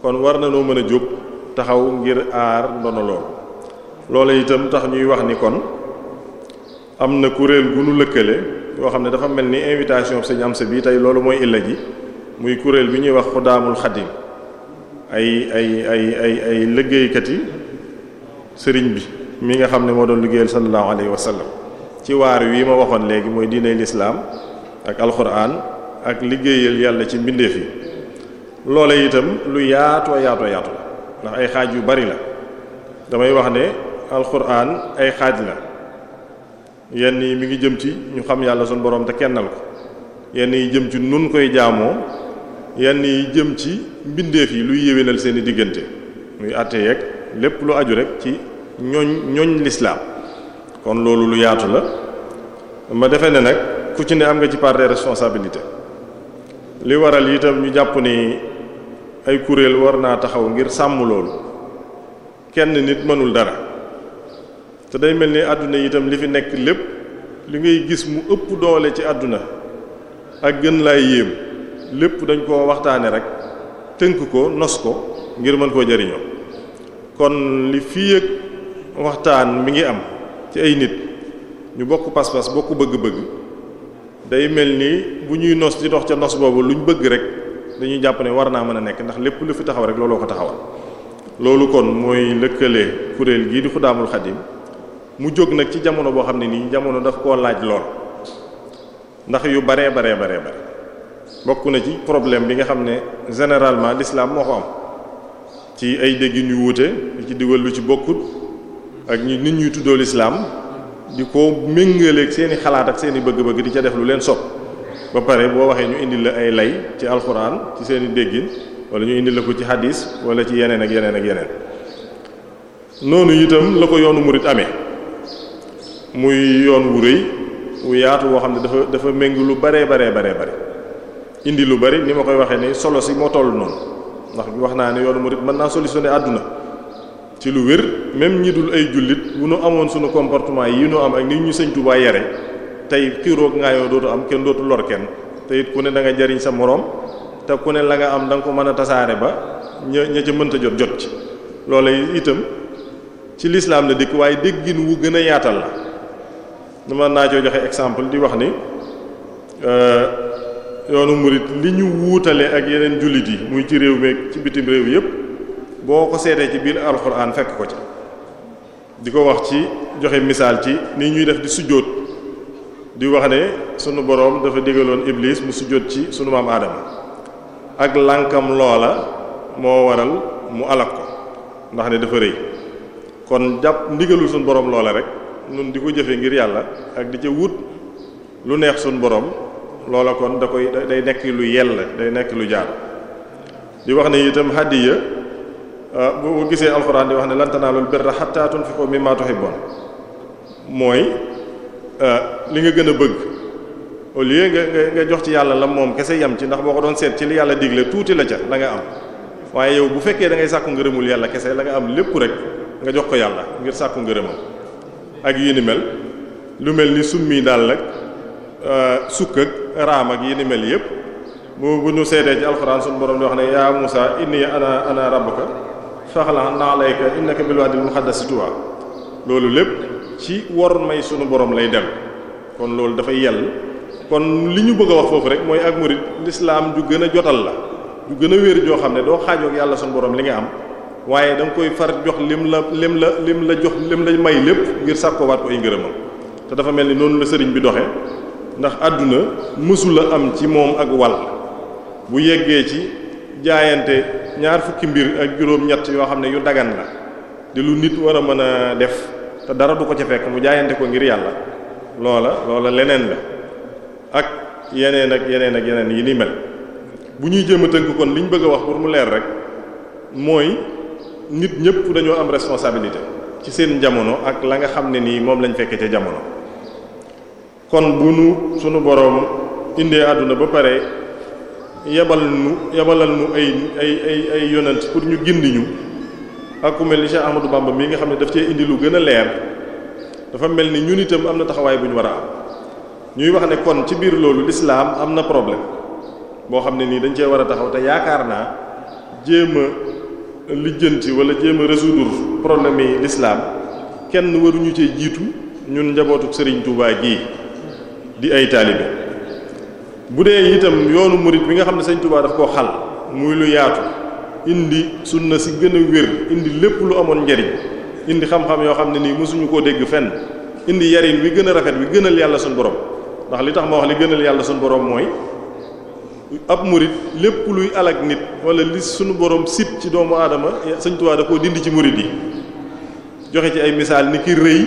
kon war na noo mën a jóg taxaw ngir aar ndono lool loola itam tax ñuy wax ni kon am na kuréel gu nu lëkkale yoo xam ne dafa mel ni invitation sëñ am sa bii tey loolu mooy illa ji muy kuréel bi ñuy wax xuddaamul xadim ay ay ay ay ay liggéeykat yi sëriñ bi mi nga xam ne moo doon liggéeyal sallallahu alayhi wa sallam ci waar wi ma waxoon léegi mooy diiney lislaam ak alquran ak liggéeyal yàlla ci mbindeef yi loole itam lu yaatu yaatu yaatu la ndax ay xaaj yu bari la damay wax ne alquran ay xaaj la yenn yi mi ngi jëm ci ñu xam yàlla sunu borom te kennal ko yenn yi jëm ci nun koy jaamoo yenn yi jëm ci mbindeef yi luy yéwénal seeni diggante muy àtte yeeg lépp lu aju rek ci ñoñ ñoñ lislaam kon loolu lu yaatu la ma defe ne nag ku ci ne am nga ci part de li waral itam ñu jàpp ni ay kuréel war naa taxaw ngir sàmm loolu kenn nit mënul dara te day mel ni àdduna itam li fi nekk lépp li ngay gis mu ëpp doole ci àdduna ak gën laay yéem lépp dañ koo waxtaane rek tënk ko nos ko ngir mën koo jariñoo kon li fii ak waxtaan mi ngi am ci ay nit ñu bokk pas-pas bokk bëgg-bëgg day mel nii bu ñuy nos di dox ca nos boobu lu ñu bëgg rek dañuy jàpp ne war naa mën a nekk ndax lépp lu fi taxaw rek looloo ko taxawal loolu kon mooy lëkkale kuréel gii di Xudaamul Xadim mu jóg nag ci jamono boo xam ne nii jamono daf koo laaj lool ndax yu baree baree baree bare bokk na ci problème bi nga xam ne généralement lislaam moo ko am ci ay déggin yu wuute di ci diwal lu ci bokkut ak ñu nit ñuy tuddoo lislaam di ko méngaleeg seen xalaat ak seen i bëgg-bëgg di ca def lu leen sob ba pare boo waxee ñu indi la ay lay ci alxuraan ci seen i déggin wala ñu indi la ko ci hadis wala ci yeneen ak yeneen ak yeneen noonu itam la ko yoonu murit muy yoon wu rëy wu yaatu woo xam ne dafa dafa méng lu baree baree baree bari indi lu bari ni ma koy waxee ne solo si moo toll noonu ndax wax naa ne yoonu murid mën naa solutionner àdduna ci lu wér même ñi dul ay jullit bu nu amoon sunu comportement yi nu am ak ni ñu sëñ Tuubaa yare tey xiiroog ngaayoo dootu am kenn dootu lor kenn te it ku ne da jariñ sa moroom te ku ne la nga am da nga ko mën a tasaare ba ña ña ca mënta jot jot ci loola itam ci lislaam la dikk waaye déggin wu gën a yaatal la dama naa coo joxe exemple di wax ni euh, yoonu murit li ñu wuutale ak yeneen jullit yi muy ci réew meeg ci bitim réew yépp boo ko seetee ci biir alxuraan fekk ko ci di ko wax ci joxe misaal ci ni ñuy def di sujjóot di wax ne sunu boroom dafa digaloon iblis mu sujjóot ci sunu maam aadama ak lànkam loola moo waral mu alak ko ndax ne dafa rëy kon jàpp ndigalul sunu boroom loola rek nun di ko jëfe ngir yàlla ak di ca wut lu neex suñ borom loola kon da koy day nekk lu yell day nekk lu jaar di wax ne itam hadiya ah, boo gisee alxuraan di wax ne lan tanaalul birra hattaa tunfiqu mimmaa tuhibbuun mooy ah, li nga gën a bëgg au lieu nga nga jox ci yàlla la moom kese yam ci ndax boo ko doon seet ci li yàlla digle tuuti la ca la nga am waaye yow bu fekkee da ngay sàkku ngërëmul yàlla kese la nga am lépp rek nga jox ko yàlla ngir sàkku ngërëmam ak yu mel lu mel ni summi daal ak euh, sukk ak raam ak yu mel yëpp mu bu nu seetee ci alxuraan suñu borom di wax ne yaa Musa inni ana ana rabbuka faxla naalayka innaka bil waadil muqaddasi tuwa loolu lépp ci war may sunu borom lay dem kon loolu dafay yell kon li ñu bëgg a wax foofu rek mooy ak murid lislaam ju gën a jotal la ju gën a wér joo xam ne doo xaajook yàlla sunu borom li nga am waaye da koy far jox lim la lim la lim la jox lim la may lépp ngir sàkkoowaat ko ay ngërëmam te dafa mel ni noonu la sëriñ bi doxe ndax àdduna mësula am ci moom ak wal bu yeggee ci jaayante ñaar fukki mbir ak juróom-ñett yoo xam ne yu dagan la di lu nit war a mën a def te dara du ko ca fekk mu jaayante ko ngir yàlla loola loola leneen la ak yeneen ak yeneen ak yeneen yi ni mel bu ñuy jëm a tënk kon liñ bëgg a wax pour mu leer rek mooy nit ñëpp dañoo am responsabilité ci seen jamono ak la nga xam ne nii moom lañu fekkee ca jamono kon bu nu sunu boroom indee àdduna ba pare yebal nu yebalal nu ay ay ay ay yonent pour ñu gindi ñu ak ku mel ni Cheikh Ahmadou Bamba mii nga xam ne daf cee indi lu gën a leer dafa mel ni ñun itam am na taxawaay bu ñu war a am ñuy wax ne kon ci biir loolu lislaam am na problème boo xam ne nii dañ cee war a taxaw te yaakaar naa jéem lijjanti wala jéema a résoudre problème yi l'islam kenn waruñu ci jiitu ñun njabootu sëriñ Touba gi di ay taalibe bu dee itam yoonu morit bi nga xam ne Serigne Touba daf koo xal muy lu yaatu indi sunna si gën a wér indi lépp lu amoon njariñ indi xam-xam yoo xam ne nii mësuñu koo dégg fenn indi yarin wi gën a rafet wi gënal yàlla suñ borom ndax li tax ma wax li gënal yàlla suñ borom mooy. ab murit lépp luy alak nit wala li suñu borom sit ci doomu aadama Sëñ Tuubaa da koo dindi ci murit yi joxe ci ay misaal ni ki rëy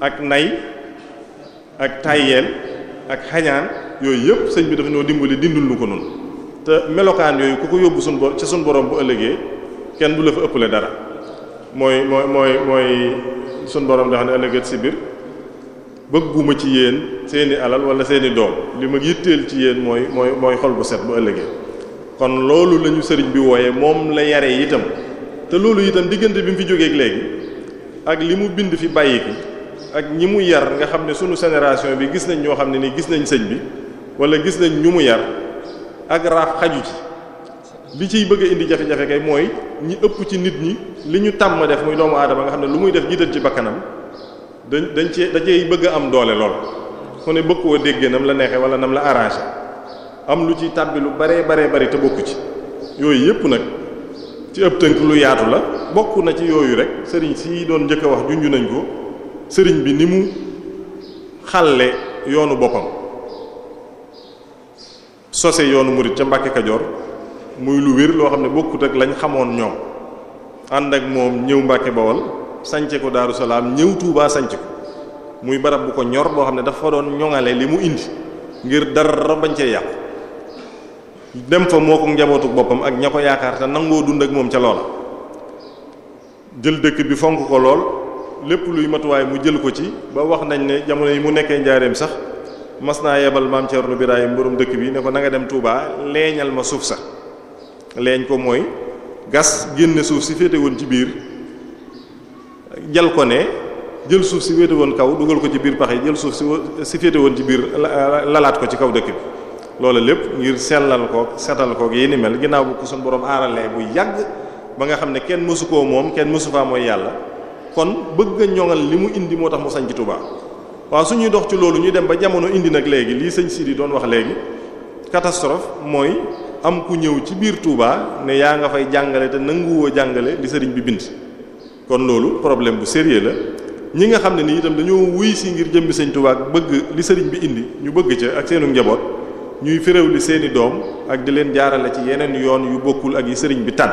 ak nay ak tayyeel ak xañaan yooyu yëpp sëñ bi dafa ñoo dimbali dindul nu ko noonu te melokaan yooyu ku ko yóbbu suñ bor ci suñ borom bu ëllëgee kenn bu la fa ëppale dara mooy mooy mooy mooy suñ borom dafa ne ëllëgat si bëgguma ci yéen seeni alal wala seeni doom li ma yitteel ci yéen mooy mooy mooy xol bu set bu ëllëgee kon loolu lañu sëriñ bi wooye moom la yare itam te loolu itam diggante bi mu fi jógeek léegi ak li mu bind fi bàyyi ko ak ñi mu yar nga xam ne sunu génération bi gis nañ ñoo xam ne ni gis nañ sëñ bi wala gis nañ ñu mu yar ak raaf xaju ci li ciy bëgg a indi jafe-jafe kay mooy ñi ëpp ci nit ñi li ñu tàmm def muy doomu aadama nga xam ne lu muy def jiital ci bakkanam dañ dañ cee da cee bëgg am doole lool ku ne bëgg déggee nam la neexee wala nam la arrangé am lu ci tàbbi lu baree baree bari te bokku ci yooyu yëpp nag ci ëpp tënk lu yaatu la bokk na ci yooyu rek sëriñ si doon njëkk wax junju nañ ko sëriñ bi ni mu xàlle yoonu boppam sose yoonu murit ca Mbàkke Kajoor muy lu wér loo xam ne bokkut ak lañ xamoon ñoom ànd ak moom ñëw Mbàkke Bawol sance ko daaru salaam ñëw tuubaa sanc ko muy barab bu ko ñor boo xam ne dafa doon ñoŋale li mu indi ngir dara bañ cee yàqu dem fa moo ko njabootu boppam ak ña ko yaakaar te nangoo dund ak moom ca loola jël dëkk bi fonk ko lool lépp luy matuwaay mu jël ko ci ba wax nañ ne jamono yi mu nekkee njaareem sax mas naa yebal maam Thierno Birahim borom dëkk bi ne ko na dem tuubaa leeñal ma suuf sa leeñ ko mooy gas génne suuf si féete woon ci biir jël ko ne jël suuf si féete woon kaw dugal ko ci biir pax yi jël suuf si si féete woon ci biir lalaat ko ci kaw dëkk bi loolu lépp ngir sellal ko setal ko yi ni mel ginnaaw bu ko suñu borom aaralee bu yàgg ba nga xam ne kenn mësu koo moom kenn mësu faa mooy yàlla kon bëgg a ñoŋal li mu indi moo tax mu sañ ci Tuubaa waaw suñuy dox ci loolu ñuy dem ba jamono indi nag léegi lii sëñ di doon wax léegi catastrophe mooy am ku ñëw ci biir Touba ne yaa nga fay jàngale te nanguwoo jàngale li sëriñ bi bind kon loolu problème bu sérieux la ñi nga xam ne ni itam dañoo wuy si ngir jëmbi sëñ Tuubaa bëgg li sëriñ bi indi ñu bëgg ca ak seenu njaboot ñuy féréw li seeni doom ak di leen jaarale ci yeneen yoon yu bokkul ak yi sëriñ bi tànn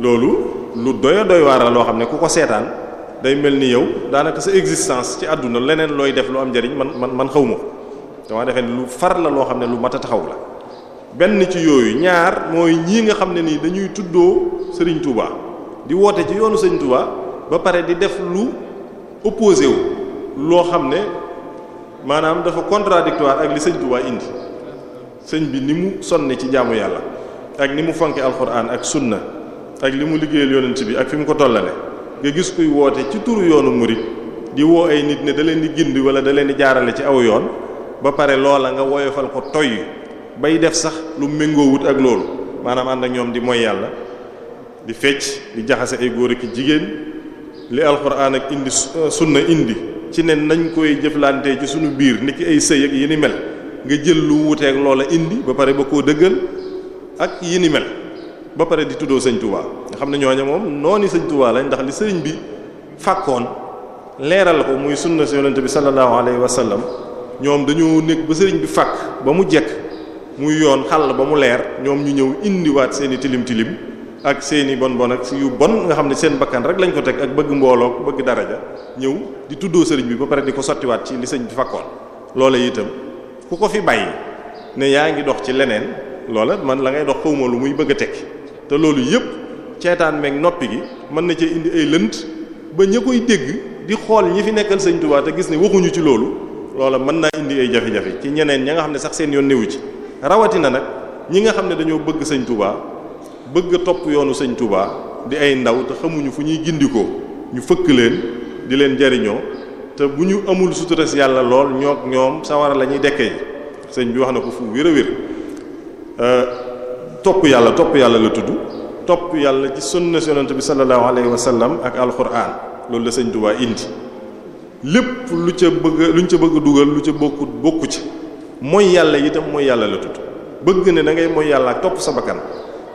loolu lu doya doy waar la loo xam ne ku ko seetaan day mel ni yow daanaka sa existence ci àdduna leneen looy def lu am njariñ man man man xaw ma ko dama defee lu far la loo xam ne lu mat a taxaw la benn ci yooyu ñaar mooy ñii nga xam ne nii dañuy tuddoo sëriñ Tuubaa di woote ci yoonu sëñ Touba ba pare di def lu opposé wu loo xam ne maanaam dafa contradictoire ak li sëñ Touba indi sëñ bi ni mu sonne ci jaamu yàlla ak ni mu fonke alxuraan ak sunna ak li mu liggéeyal yonent bi ak fi mu ko tollale nga gis kuy woote ci turu yoonu murid di woo ay nit ne da leen di gindi wala da leen di jaarale ci aw yoon ba pare loola nga woyofal ko toy bay def sax lu méngoowut ak loolu maanaam ànd ak ñoom di mooy yàlla di fecc di jaxase ay góor ak jigéen li alxuraan ak indi euh, sunna indi ci ne nañ koy jëflantee ci suñu biir ni ki ay sëy ak yi ni mel nga jël lu wuuteeg loola indi ba pare ba koo dëggal ak yi ni mel ba pare di tuddoo sëñ Touba nga xam ne ñooñu moom noonu sëñ Touba lañ ndax li sëriñ bi fàkkoon leeral ko muy sunna si yonent bi sallallahu alayhi wa sallam ñoom dañoo nekk ba sëriñ bi fàkk ba mu jekk muy yoon xàll ba mu leer ñoom ñu ñëw indiwaat seeni tilim tilim. ak seeni bon bon ak yu bon nga xam ne seen bakkan rek lañ ko teg ak bëgg mbooloo bëgg daraja ñëw di tuddoo sëriñ bi ba pare di ko sottiwaat ci li sëñ bi fakkoon loola itam ku ko fi bàyyi ne yaa ngi dox ci leneen loola man la ngay dox xawma lu muy bëgg a tekki te loolu yëpp ceetaan meeg noppi gi mën na cee indi ay lënt ba ña koy dégg di xool ñi fi nekkal sëñ Tuubaa te gis ne waxuñu ci loolu loola mën naa indi ay jafe-jafe ci ñeneen ña nga xam ne sax seen yoon néewu ci rawatina nag ñi nga xam ne dañoo bëgg sëñ Tuubaa bëgg a topp yoonu sëñ Touba di ay ndaw te xamuñu fu ñuy gindikoo ñu fëkk leen di leen jariñoo te bu ñu amul sutura yàlla lool ñoog ñoom sawara lañuy ñuy dekkee sëñ bi wax na ko fu wér a wér euh, topp yàlla topp yàlla la tudd topp yàlla ci sunna yonent bi sallallahu alayhi wa sallam ak alquran loolu la sëñ tubaa indi lépp lu ca bëgg luñ ca bëgg dugal lu ca bokkut bokku ci mooy yàlla yitam mooy yàlla la tudd bëgg ne da ngay mooy yàlla ak topp sa bakkan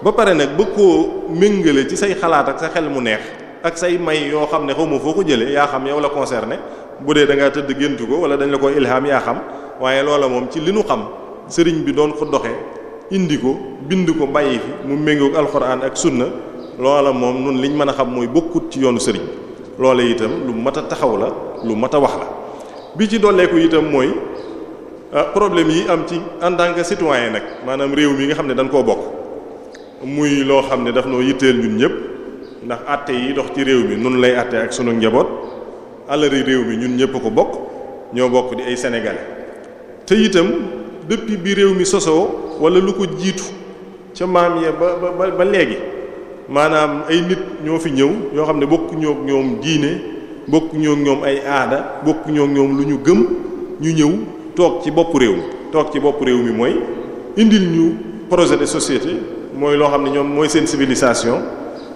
ba pare nag bëgg koo méngale ci say xalaat ak sa xel mu neex ak say may yoo xam ne xaw ma foo ko jëlee yaa xam yow la concerné bu dee dangaa tëdd géntu ko wala dañ la ko ilham yaa xam waaye loola moom ci li nu xam sëriñ bi doon ko doxee indi ko bind ko bàyyi fi mu méngoog alxuraan ak sunna loola moom nun liñ mën a xam mooy bokkut ci yoonu sëriñ loola itam lu mat a taxaw la lu mat a wax la bi ci dolleeku itam mooy ah, problème yi am ci en tant que citoyen nag maanaam réew mi nga xam ne dañ koo bokk. muy loo xam ne daf noo yitteel ñun ñëpp ndax àtte yi dox ci réew mi nun lay àtte ak sunu njaboot alari réew mi ñun ñëpp ko bokk ñoo bokk di ay sénégalais te itam depuis bi réew mi sosoo wala lu ko jiitu ca maam ya ba ba ba léegi maanaam ay nit ñoo fi ñëw ñoo xam ne bokk ñoom diine bokk ñoom ay aada bokk ñoom lu ñu gëm ñu ñëw toog ci bopp réew mi toog ci bopp réew mi mooy indil ñu projet de société mooy loo xam ne ñoom mooy seen civilisation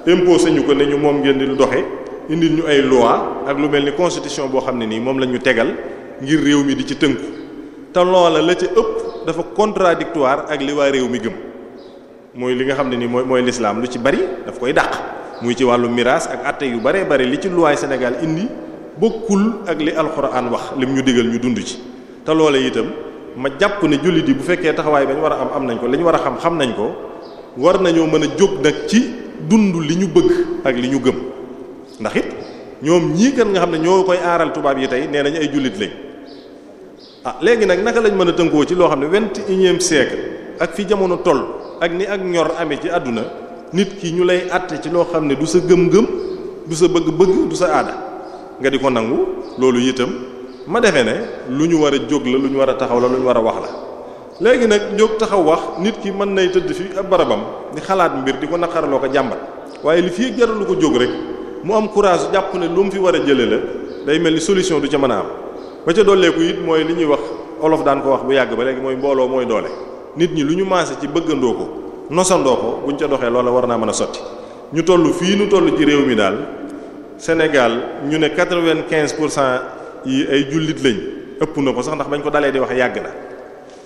imposé sañu ko ne ñu moom ngeen di doxe indil ñu ay loi ak lu mel ni constitution boo xam ne nii moom la ñu tegal ngir réew mi di ci tënku te loola la ca ëpp dafa contradictoire ak li waa réew mi gëm mooy li nga xam ne nii mooy mooy l'islam lu ci bari daf koy dàq muy ci wàllu miraas ak atte yu baree bari li ci luwaay Sénégal indi bokkul ak li alxuraan wax lim ñu digal ñu dund ci te loola itam ma jàpp ne jullit yi bu fekkee taxawaay bañ war a am am nañ ko li war a xam nañ ko war nañoo mën a jóg nag ci dund li ñu bëgg ak li ñu gëm ndax it ñoom ñii kan nga xam ne ñoo koy aaral tubaab yi tey nee nañu ay jullit lañ ah léegi nag naka lañ mën a tënkoo ci loo xam ne vingt et unième ak fi jamono toll ak ni ak ñor amee ci àdduna nit ki ñu lay àtte ci loo xam ne du sa gëm-gëm du sa bëgg-bëgg du sa aada nga di ko nangu loolu itam ma defee ne lu ñu war a jóg la lu ñu war a taxaw la lu ñu war a wax la léegi nag jóg taxaw wax nit ki mën nay tëdd fi ab barabam di xalaat mbir di ko naqarloo ko jàmbat waaye li fii jaralu ko jóg rek mu am courage jàpp ne lu mu fi war a jële la day mel ni solution du ca mën a am ba ca dolleeku it mooy li ñuy wax olof daan ko wax bu yàgg ba léegi mooy mbooloo mooy doole nit ñi lu ñu maase ci bëggandoo ko nosandoo ko buñ ca doxee loola war naa mën a sotti ñu toll fii nu toll ci réew mi daal Sénégal ñu ne quatre-vingt-quinze pour cent yi ay jullit lañ ëpp na ko sax ndax bañ ko dalee di wax yàgg na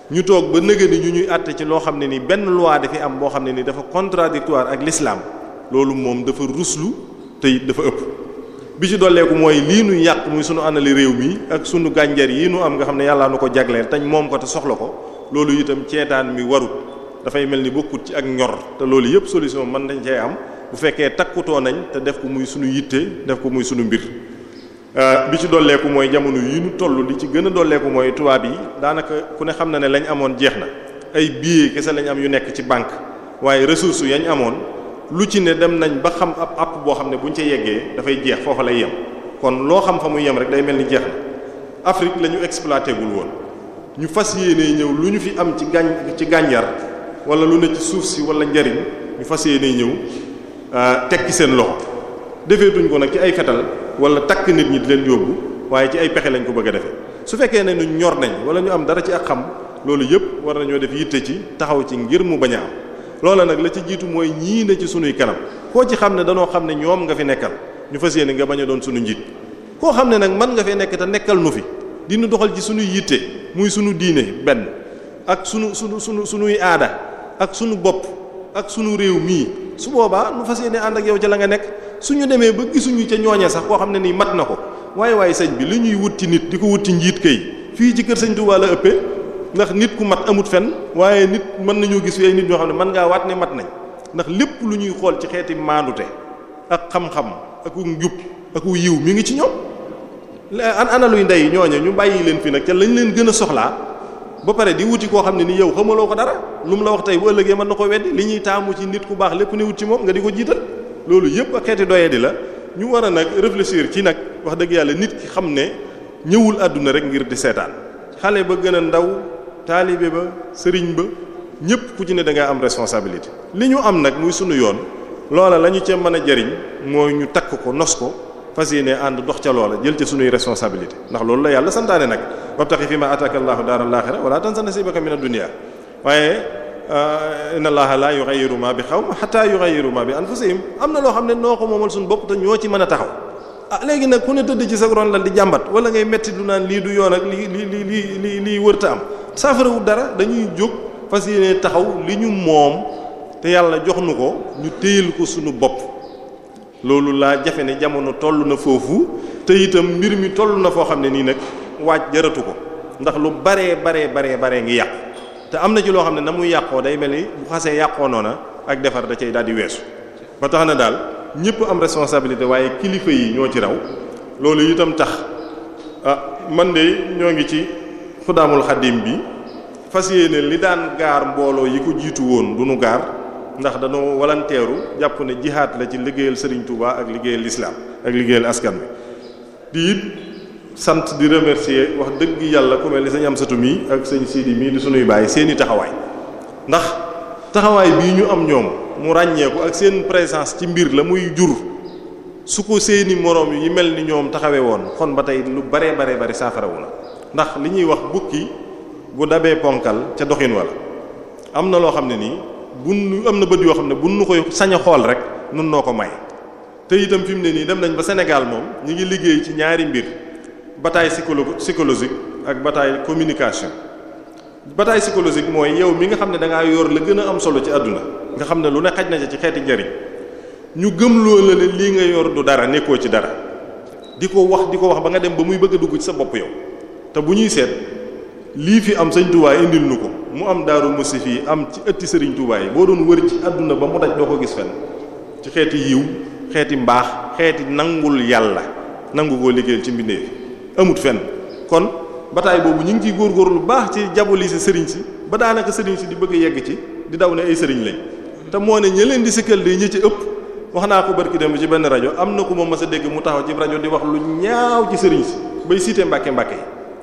ñu toog ba nëgë ni ñu ñuy àtte ci loo xam ne ni benn loi dafi am boo xam ne ni dafa contradictoire ak lislaam loolu moom dafa ruslu te it dafa ëpp bi ci dolleeku mooy lii nu yàq muy sunu anali réew mi ak sunu gànjar yii nu am nga xam ne yàllaa nu ko jagleel tañ moom ko te soxla ko loolu itam ceetaan mi warut dafay mel ni bokkut ci ak ñor te loolu yëpp solution mën nañ cee am bu fekkee takkutoo nañ te def ko muy sunu yitte def ko muy sunu mbir Euh, bi ci dolleeku mooy jamono yi ñu toll li ci gën a dolleeku mooy tubaab yi daanaka ku ne xam na ne lañ amoon jeex na ay billets kese lañ am yu nekk ci banque waaye ressources yañ amoon lu ci ne dem nañ ba xam ab app boo xam ne buñ ca yeggee dafay jeex foofu lay yem kon loo xam fa muy yem rek day mel ni jeex na Afrique la ñu exploité gul woon ñu fas yéene ñëw lu ñu fi am ci gàñ ci gànjar wala lu ne ci suuf si wala njariñ ñu fas yéene ñëw euh, tekki seen loxo. defeetuñ ko nag ci ay fetal wala takk nit ñi di leen yóbbu waaye ci ay pexe lañ ko bëgg a defee su fekkee ne ñu ñor nañ wala ñu am dara ci ak xam loolu yëpp war nañoo def yitte ci taxaw ci ngir mu bañ a am loola nag la ci jiitu mooy ñii ne ci sunuy kanam koo ci xam ne danoo xam ne ñoom nga fi nekkal ñu fas yéene nga bañ a doon sunu njiit koo xam ne nag man nga fee nekk te nekkal nu fi dina doxal ci sunuy yitte muy sunu diine benn ak sunu sunu sunu sunuy aada ak sunu bopp ak sunu réew mii su boobaa nu fas yéene ànd ak yow ci la nga nekk su ñu demee ba gisuñu ca ñooñe sax koo xam ne nii mat na ko waaye waaye sañ bi li ñuy wut ci nit di ko wut ci njiit kay fii ci kër sëñ Tuubaa la ëppee ndax nit ku mat amut fen waaye nit mën nañoo gis fi ay nit ñoo xam ne man ngaa waat ne mat nañ ndax lépp lu ñuy xool ci xeeti maandute ak xam-xam ak njub ak yiw mi ngi ci ñoom an ana luy ndey ñooñe ñu bàyyi leen fii nag ca lañ leen gën a soxlaa ba pare di wuti koo xam ne ni yow xamaloo ko dara lu mu la wax tey bu ëllëgee mën na ko weddi li ñuy taamu ci nit ku baax lépp ne ci moom nga di ko jiital loolu yëpp ak xeeti doyee di la ñu war a nag réfléchir ci nag wax dëgg yàlla nit ki xam ne ñëwul àdduna rek ngir di seetaan xale ba gën a ndaw taalibe ba sëriñ ba ñëpp ku ci ne da am responsabilité li ñu am nag muy sunu yoon loola lañu ñu ca mën a jariñ mooy ñu takk ko nos ko fas yéene ànd dox ca loola jël ca sunuy responsabilité ndax loolu la yàlla santaane nag wabtaxi fi ma ataka allahu daaral axira wala tansa nasibaka mina dunya waaye inna allaha la yughayyiru ma xataa qawmin hatta yughayyiru ma bi anfusihim am na loo xam ne noo ko moomal suñu bopp te ñoo ci mën a taxaw a ah léegi nag ku ne tëdd ci sa ron lan di jàmbat wala ngay metti du naan lii du yoon ak lii lii lii lii lii lii wërta am saafarawul dara dañuy jóg fas yéene taxaw li ñu moom te yàlla jox nu ko ñu téyel ko suñu bopp loolu laa jafe ne jamono toll na foofu te itam mbir mi toll na foo xam ne nii nag waaj jaratu ko ndax lu baree baree baree baree ngi yàqu te am na ci loo xam ne na muy yàqoo day mel ni bu xasee yàqoo noona ak defar da cay daal di weesu ba tax na daal ñëpp am responsabilité waaye kilifa yi ñoo ci raw loolu itam tax ah man de ñoo ngi ci xudaamul xaddim bi fas yéene li daan gaar mbooloo yi ko jiitu woon du nu gaar ndax dañoo wallanteeru jàpp ne jihaat la ci liggéeyal Serigne Touba ak liggéeyal lislaam ak liggéeyal askan bi sant di remercier wax dëgg yàlla ku mel ni sëñ Amsatu mii ak sëñ Sidi mii di suñuy bàyyi seeni taxawaay ndax taxawaay bii ñu am ñoom mu ràññeeku ak seen présence ci mbir la muy jur su ko seeni moroom yi mel ni ñoom taxawee woon kon ba tey lu baree baree bari saafarawu na ndax li ñuy wax bukki bu dabee ponkal ca doxin walla am na loo xam ne nii bu am na bët yoo xam ne bu nu koy sañ a xool rek nun noo ko may te itam fi mu ne nii dem nañ ba Sénégal moom ñu ngi liggéey ci ñaari mbir bataille psycholo psychologique ak bataay communication bataille psychologique mooy yow mi nga xam ne danga ngaa yor la gën a am solo ci àdduna nga xam ne lu ne xaj na ci xeeti njariñ ñu gëm loo la ne lii nga yor du dara nekkoo ci dara di ko wax di ko wax ba nga dem ba muy bëgg a dugg ci sa bopp yow te bu ñuy seet lii fi am sëñ Tuubaa indil nu ko mu am daaru musi fii am ci ëtti sëriñ Tuubaa boo doon wër ci àdduna ba mu daj doo ko gis fenn ci xeeti yiw xeeti mbaax xeeti nangul yàlla nangu koo ci mbindeef amut fenn kon bataay boobu ñu ngi ciy góorgóorlu lu baax ci diaboliser sëriñ si ba daanaka sëriñ si di bëgg yegg ci di daw ne ay sëriñ lañ te moo ne ñi leen di sikkal di ñi ci ëpp wax naa ko barki dem ci benn rajo am na ku ma mës a dégg mu taxaw ci rajo di wax lu ñaaw ci sëriñ si bay siitee mbàkke mbàkke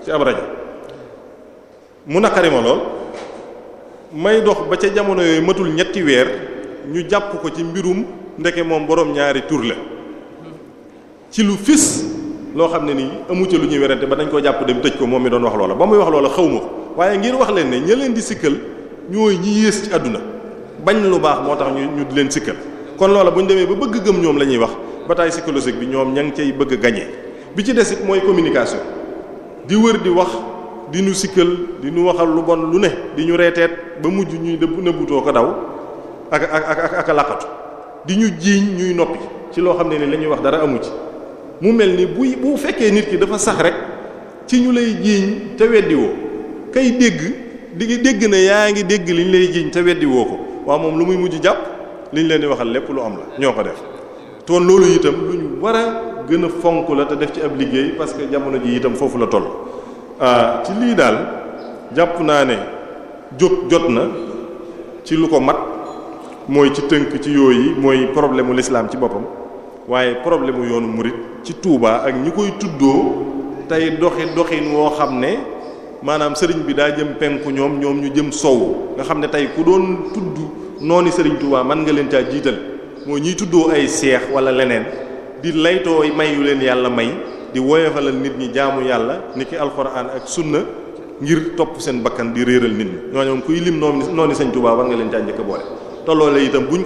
ci ab rajo mu naqari ma lool may dox ba ca jamono yooyu matul ñetti weer ñu jàpp ko ci mbirum ndeke moom boroom ñaari tur la ci lu fis loo xam ne ni amu ca lu ñuy werante ba dañ ko jàpp dem tëj ko moom mi doon wax loola ba muy wax loola xaw ma waaye ngir wax leen ne ña leen di sikkal ñooy ñi yées ci àdduna bañ lu baax moo tax ñu ñu leen sikkal kon loola bu ñu demee ba bëgg gëm ñoom la ñuy wax bataille psychologique bi ñoom ña ngi cay bëgg a gagné ci des it mooy communication di wër di wax di ñu sikkal di ñu waxal lu bon lu ne di ñu reeteet ba mujj ñuy dëbb nëbbutoo ko daw ak ak ak ak laqatu di ñu jiiñ ñuy noppi ci loo xam ne ni la ñuy wax dara amu ci mu mel ni buy bu fekkee nit ki dafa sax rek ci ñu lay jiiñ te weddiwoo kay dégg di dégg na yaa ngi dégg liñ lay jiiñ te weddiwoo ko waa moom lu muy mujj jàpp liñ leen di waxal lépp lu am la ñoo ko def toon loolu itam lu ñu war a gën a fonk la te def ci ab liggéey parce que jamono ji itam foofu la toll ah, ci lii daal jàpp naa ne jóg jot na ci lu ko mat mooy ci tënk ci yooy yi mooy problème mu lislaam ci boppam waaye problème mu yoonu murit ci tuubaa ak ñi koy tuddoo tey doxi doxin woo xam ne maanaam sëriñ bi daa jëm penku ñoom ñoom ñu jëm sow nga xam ne tey ku doon tudd noonu sëriñ Touba mën nga leen caa jiital moo ñiy tuddoo ay seex wala leneen di laytoo may yu leen yàlla may di woyofalal nit ñi jaamu yàlla ni ki alxuraan ak sunna ngir topp seen bakkan di réeral nit ñi ñooñu kuy lim noonu noonu sëriñ Touba war nga leen caa njëkk boole te loolee itam buñ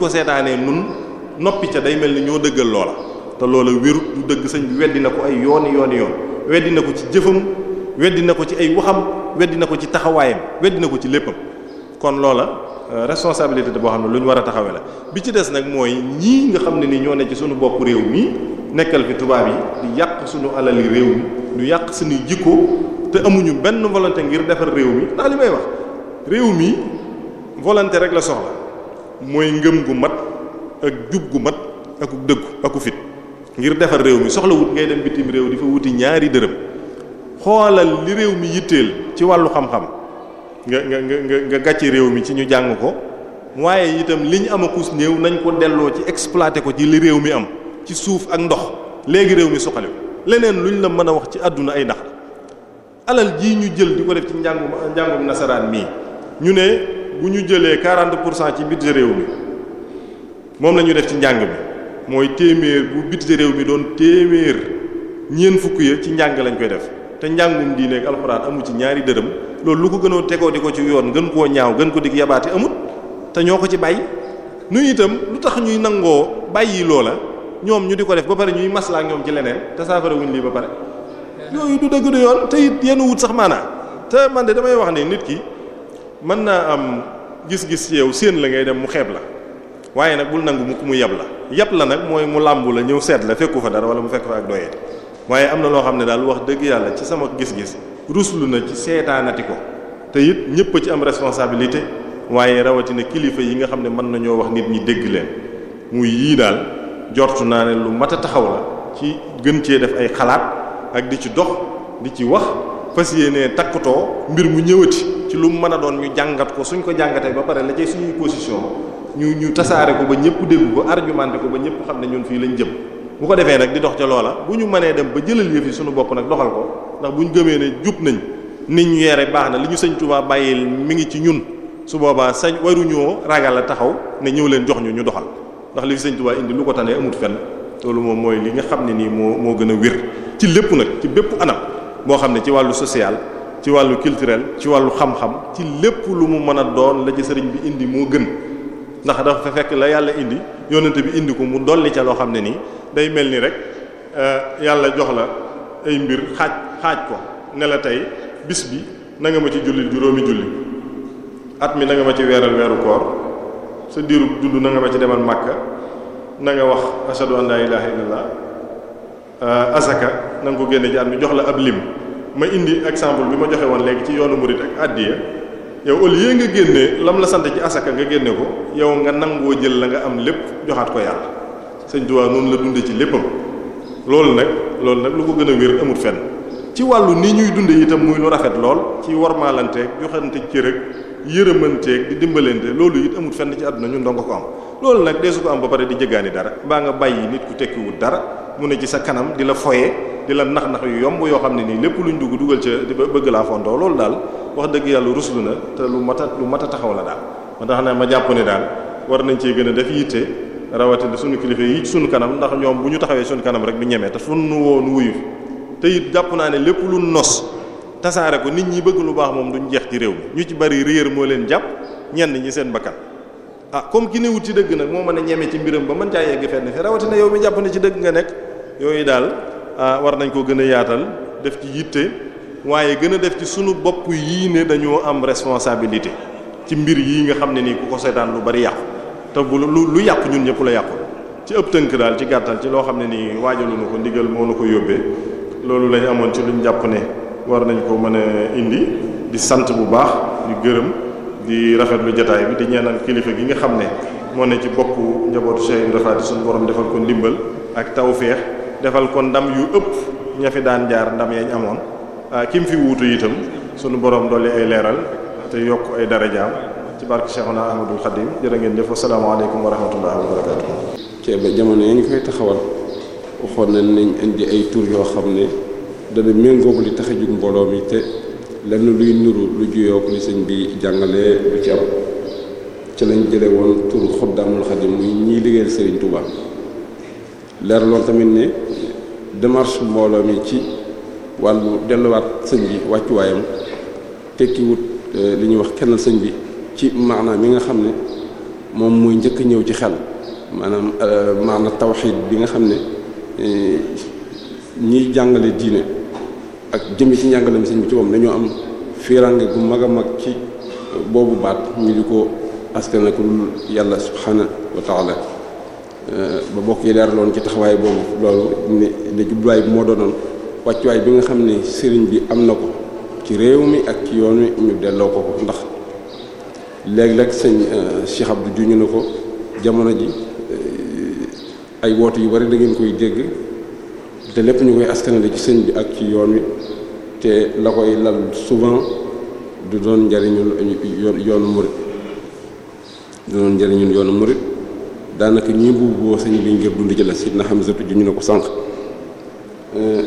noppi ca day mel ni ñoo dëggal loola te loola wérut du dëgg sëñ bi weddi na ko ay yooni yooni yoon weddi na ko ci jëfam weddi na ko ci ay waxam weddi na ko ci taxawaayam weddi na ko ci léppam kon loola euh, responsabilité boo xam ne lu ñu war a taxawee la bi ci des nag mooy ñii nga xam ne ni ñoo ne ci suñu bopp réew mi nekkal fi tubaab yi di yàq suñu alali réew mi du yàq suñuy jikko te amuñu benn volonté ngir defar réew mi ndax li may wax réew mi volonté rek la soxla mooy ngëm gu mat ak jub gu mat aku dëggu aku fit ngir defar réew mi soxlawut ngay dem bitim réew di fa wuti ñaari dërëm xoolal li réew mi yitteel ci wàllu xam-xam nga nga nga nga gàcce réew mi ci ñu jàng ko waaye itam liñ ñu am akus néew nañ ko delloo ci exploité ko ci li réew mi am ci suuf ak ndox léegi réew mi suqaliw leneen luñ la mën a wax ci àdduna ay nax alal jii ñu jël di ko def ci njàngum njàngum nasaraan mii ñu ne bu ñu jëlee 40 pour cent ci budget réew mi moom la ñuy def ci njàng bi mooy téeméer bu budget réew mi doon téeméer ñeent fukk ya ci njàng lañ koy def te njàngum diine ak alxuraan amu ci ñaari dërëm loolu lu ko gënoo tegoo di ko ci yoon gën koo ñaaw gën ko dig yabaate amut te ñoo ko ci bàyyi nu itam lu tax ñuy nangoo bàyyi loola ñoom ñu di ko def ba pare ñuy maslaa ñoom ci leneen te saafara wuñ lii ba pare yooyu du dëgg du yoon te it yenn wut sax maanaa te man de damay wax ne nit ki mën naa am gis-gis yow seen la ngay dem mu xeeb la waaye nag bul nangu mu ku mu yab la yab la nag mooy mu làmbu la ñëw seet la fekku fa dara wala mu fekk fa ak doyee waaye am na loo xam ne daal wax dégg yàlla ci sama gis-gis ruslu na ci seetaanati ko te it ñëpp a ci am responsabilité waaye rawatina kilifa yi nga xam ne mën nañoo wax nit ñi dégg leen muy yii daal jortu naa ne lu mat a taxaw la ci gën cee def ay xalaat ak di ci dox di ci wax fas yéenee takkutoo mbir mu ñëwati ci lu mu mën a doon ñu jàngat ko suñ ko jàngatee ba pare la cay suñuy position ñu ñu tasaare ko ba ñëpp dégg ko argumenté ko ba ñëpp xam ne ñun fii lañ jëm bu ko defee nag di dox ca loola bu ñu manee dem ba jëlal yëf yi suñu bopp nag doxal ko ndax bu ñu jëmee ne jub nañ nit ñu yere baax na li ñu sëñ Tuubaa bàyyil mi ngi ci ñun su boobaa sañ waruñoo ragal a taxaw ne ñëw leen jox ñu ñu doxal ndax li fi sëñ Tuubaa indi lu ko tanee amut fen loolu moom mooy li nga xam ne nii moo moo gën a wér ci lépp nag ci bépp anam boo xam ne ci wàllu social ci wàllu culturel ci wàllu xam ci lépp lu mu mën a doon la ci sëriñ bi indi moo gën ndax dafa fekk la yàlla indi yonent bi indi ko mu dolli ca loo xam ne nii day mel ni rek euh, yàlla jox la ay mbir xaaj xaaj ko ne la tey bis bi na ma ci julli juróomi julli at mi na ci weeral weeru koor sa diiru dund na nga ma ci demal màkka nanga wax ashadu an euh, asaka na ko génne ci at mi jox la ab lim ma indi exemple bi ma joxe woon léegi ci yoonu murid ak addiya yow au lieu nga génne lam la sant ci asaka nga génne ko yow nga nangoo jël la nga am lépp joxaat ko yàlla sëñ Tuubaa noonu la dunde ci léppam loolu nag loolu nag lu ko gën a wér amut fenn ci wàllu ni ñuy dunde itam muy lu rafet lool ci warmaalanteeg joxante cër ak yërëmanteeg di dimbalante loolu it amut fenn ci àdduna ñun dong ko am loolu nag dee su ko am ba pare di jëggaani dara baa nga bàyyi nit ku tekkiwul dara mu ne ci sa kanam di la foye di la nax nax yu yomb yoo xam ne nii lépp lu luñ dugg dugal ca bëgg laa fontoo loolu daal wax dëgg yàlla ruslu na te lu mat a lu mat a taxaw la daal ma tax ne ma jàpp ne daal war nañ cee gën def yitte rawatina suñu kilifa yi suñu kanam ndax ñoom bu ñu taxawee suñu kanam rek du ñemee te suñu woon wuyu te it jàpp naa ne lépp lu nos tasaare ko nit ñi bëgg lu baax moom duñ jeex ci réew mi ñu ci bari réer moo leen jàpp ñenn ñi seen bakkan a ah, comme ki newut ci dëgg nag moo mën a ñeme ci mbiram ba man caa yegg fenn fi rawatina yow mi jàpp na ci dëgg nga nekk yooyu daal Ah, war nañ ko gën a yaatal def ci yitte waaye gën a def ci sunu bopp yii ne dañoo am responsabilité ci mbir yii nga xam ne ni ku ko seetaan lu bari yàqu te bu lu lu yàqu ñun ñëpp la yàqu ci ëpp tënk daal ci gàttal ci loo xam ne nii waajaluñu ko ndigal moo nu ko yóbbee loolu lañu amoon ci luñ jàpp ne war nañ ko mën a indi di sant bu baax di gërëm di rafetlu jotaay bi di ñaanal kilifa gi nga xam ne moo ne ci bokku njabootu Cheikh Ibrahima Fall suñu borom defal ndimbal ak tawfeex defal ko ndam yu ëpp ña fi daan jaar ndam yañ amoon ah, kim fi wuutu itam sunu borom dolli ay leeral te yokk ay darajaam ci barke Cheikhuna Ahmadul Xadim jërë ngeen jëf asalaamaaleykum wa rahmatullahi wa barakatuh ceeba jamono yi ñu koy taxawal waxoon nañ nañ indi ay tur yoo xam ne dana méngoobu li tax a jug mbooloo mi te lenn luy nuru lu juyook li sëñ bi jàngalee lu ci am ci lañ jële woon tur Xuddaamul Xadim muy ñiy liggéeyal Serigne Touba leeraloon tamit ni démarche mbooloo mi ci wàllu delluwaat sëñ bi wàccuwaayam tekkiwut wut euh, li ñuy wax kenn sëñ bi ci maanaam mi nga xam ne moom mooy njëkk ñëw ci xel maanaam euh, maana tawxiid bi nga xam ne euh, ñiy jàngale diine ak jëmi ci njàngale sëñ bi ci moom dañoo am fiirange gu mag a mag ci boobu baat ñu di ko askan ak yàlla subhaana wa taala Euh, ba bokk yi dara loon ci taxawaay boobu loolu ne ne jubluwaay bi moo doonoon wàccuwaay bi nga xam ne sëriñ bi am na ko ci réew mi ak ci yoon wi ñu delloo ko ko ndax léegi léeg sëñ euh, Cheikh Abdou juñu na ko jamono ji euh, ay woote yu bari da ngeen koy dégg te lépp ñu koy askanale ci sëñ bi ak ci yoon wi te la koy lal souvent du doon njariñul yoonu murit du doon njariñul yoonu murit daanaka ñuy mbubboo sëñ bi ngir dund ci la si na xam satu ju ñu ne ko sànq eh,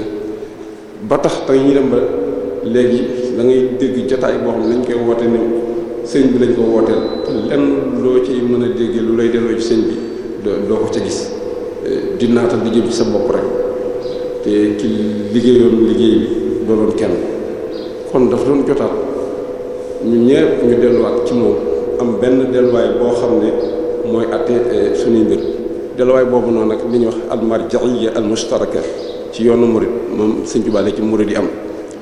ba tax tey ñu dem ba léegi dangay dégg jotaay boo xam ne lañ koy woote ne sëñ bi lañ ko wooteel lenn loo ci mën a déggee lu lay delloo ci sëñ bi doo ko ca gis eh, di naatal di jëm ci sa bopp rek te ki liggéeyoon liggéey bi dooloon kenn kon dafa doon jotaat ñu ñëpp ñu delluwaat ci moom am benn delluwaay boo xam ne mooy atte euh, suñuy mbir delluwaay boobu noonu nag li ñuy wax almarjaiyya almustaraka ci yoonu murid moom sëñ Tuubaa ci murid yi am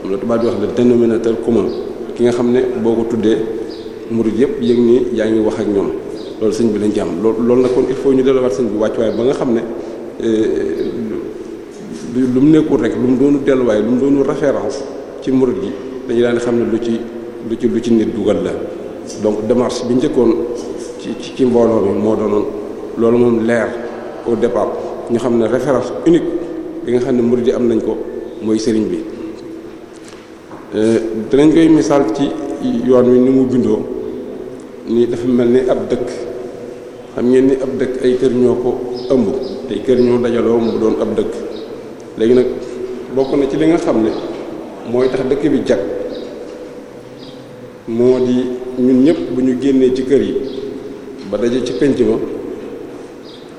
moom la tubaab di wax le dénominateur commun ki nga xam ne boo ko tuddee murid yëpp yëg nii yaa ngi wax ak ñoom loolu sëñ bi lañ ci am loolu loolu il faut ñu delluwaat seen bi wàccuwaay ba nga xam ne euh, lu mu nekkul rek lu mu doonu delluwaay lu mu doonu référence ci murid yi dañu daan xam ne lu ci lu ci lu ci nit dugal la donc démarche bi njëkkoon ci mbooloo mi moo doonoon loolu moom leer au départ ñu xam ne référence unique bi nga xam ne murid yi am nañ ko mooy sëriñ bi euh, danañ koy misaal ci yoon wi ni mu bindoo ni dafa mel ni ab dëkk xam ngeen ni ab dëkk ay kër ñoo ko ëmb tey kër ñoo dajaloo mu doon ab dëkk léegi nag bokk na ci li nga xam ne mooy tax dëkk bi jag moo di ñun ñëpp bu ñu génnee ci kër yi ba daje ci pénc ba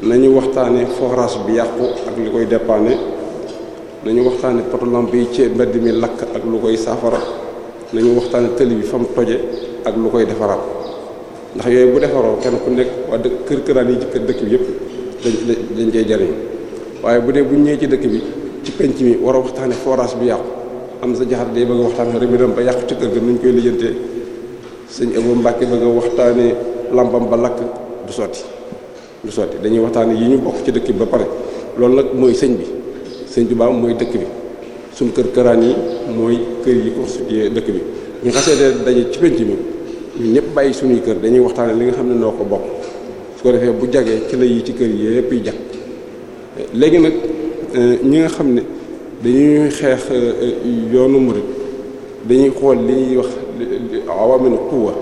nañu waxtaane forage bi yàqu ak lu koy dépanne nañu waxtaane poto lamp yi ci mbedd mi lakk ak lu koy saafara nañu waxtaane tëli bi fa mu toje ak lu koy defaraat ndax yooyu bu defaroo kenn ku nekk waa dëkk kër këraan yi dëkk bi yëpp dañ dañ cey jariñ waaye bu dee bu ñëwee ci dëkk bi ci penc mi war a waxtaane forage bi yàqu am sa jaxar day bëgg a waxtaane rëbidam ba yàqu ci kër ga nuñ koy lijjantee sëñ Abo Mbàkke bëgg a waxtaane làmpam ba lakk du sotti du sotti dañuy waxtaan yi ñu bokk ci dëkk bi ba pare loolu nag mooy sëñ bi sëñ Tuubaa mooy dëkk bi suñ kër këraan yi mooy kër yi constitué dëkk bi ñu xasee daje ci penc mi ñëpp bàyyi suñuy kër dañuy waxtaane li nga xam ne noo ko bokk su ko defee bu jagee ci la yi ci kër yépp yi jag léegi nag euh, ñi nga xam ne dañuy xeex euh, euh, yoonu murit dañuy xool li ñuy wax awaaminu quwwa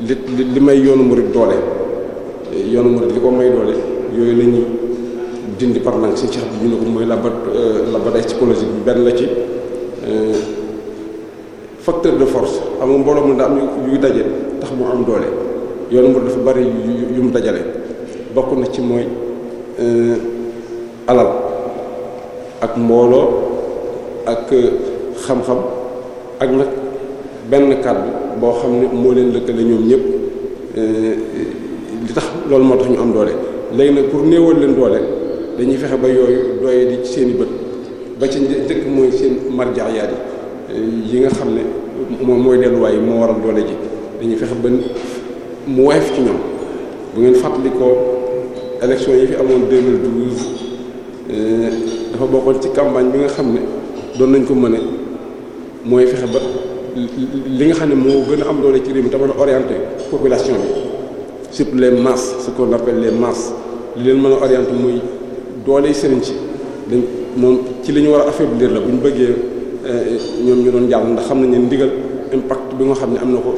li li may yoonu murid doole yoonu murid li ko may doole yooyu la ñuy dindi par si ceex bi ñu ne ko mooy labat labat ay psychologique bi benn la ci euh, facteur de force am nga mbooloo mu daa am yuy daje tax mu am doole yoonu murid dafa bari yu mu dajale bokk na ci mooy euh, alal ak mbooloo ak euh, xam-xam ak nag benn kàddu boo xam ne moo leen lëkkale ñoom ñëpp euh, li tax loolu moo tax ñu am doole léegi nag pour néewal leen doole dañuy fexe ba yooyu doye di ci seen i bët ba ci njëkk mooy seen marjaayaat yi euh, yi nga xam ne moom mooy delluwaay yi moo waral doole ji dañuy fexe ba mu woyof ci ñoom bu ngeen fàttalikoo élection yi fi amoon 2012 euh, dafa bokkoon ci campagne bi nga xam ne doon nañ ko mën a mooy fexe ba. li nga xam ne moo gën a am doole ci réew mi te a orienté population bi surtout les masses ce qu'on appelle les masses li leen mën a orienté muy doole yi sëriñ si dañ moom ci li ñu war a affaiblir la bu ñu bëggee euh, ñoom ñu doon jàll ndax xam nañ ne ndigal impact bi nga xam ne am na ko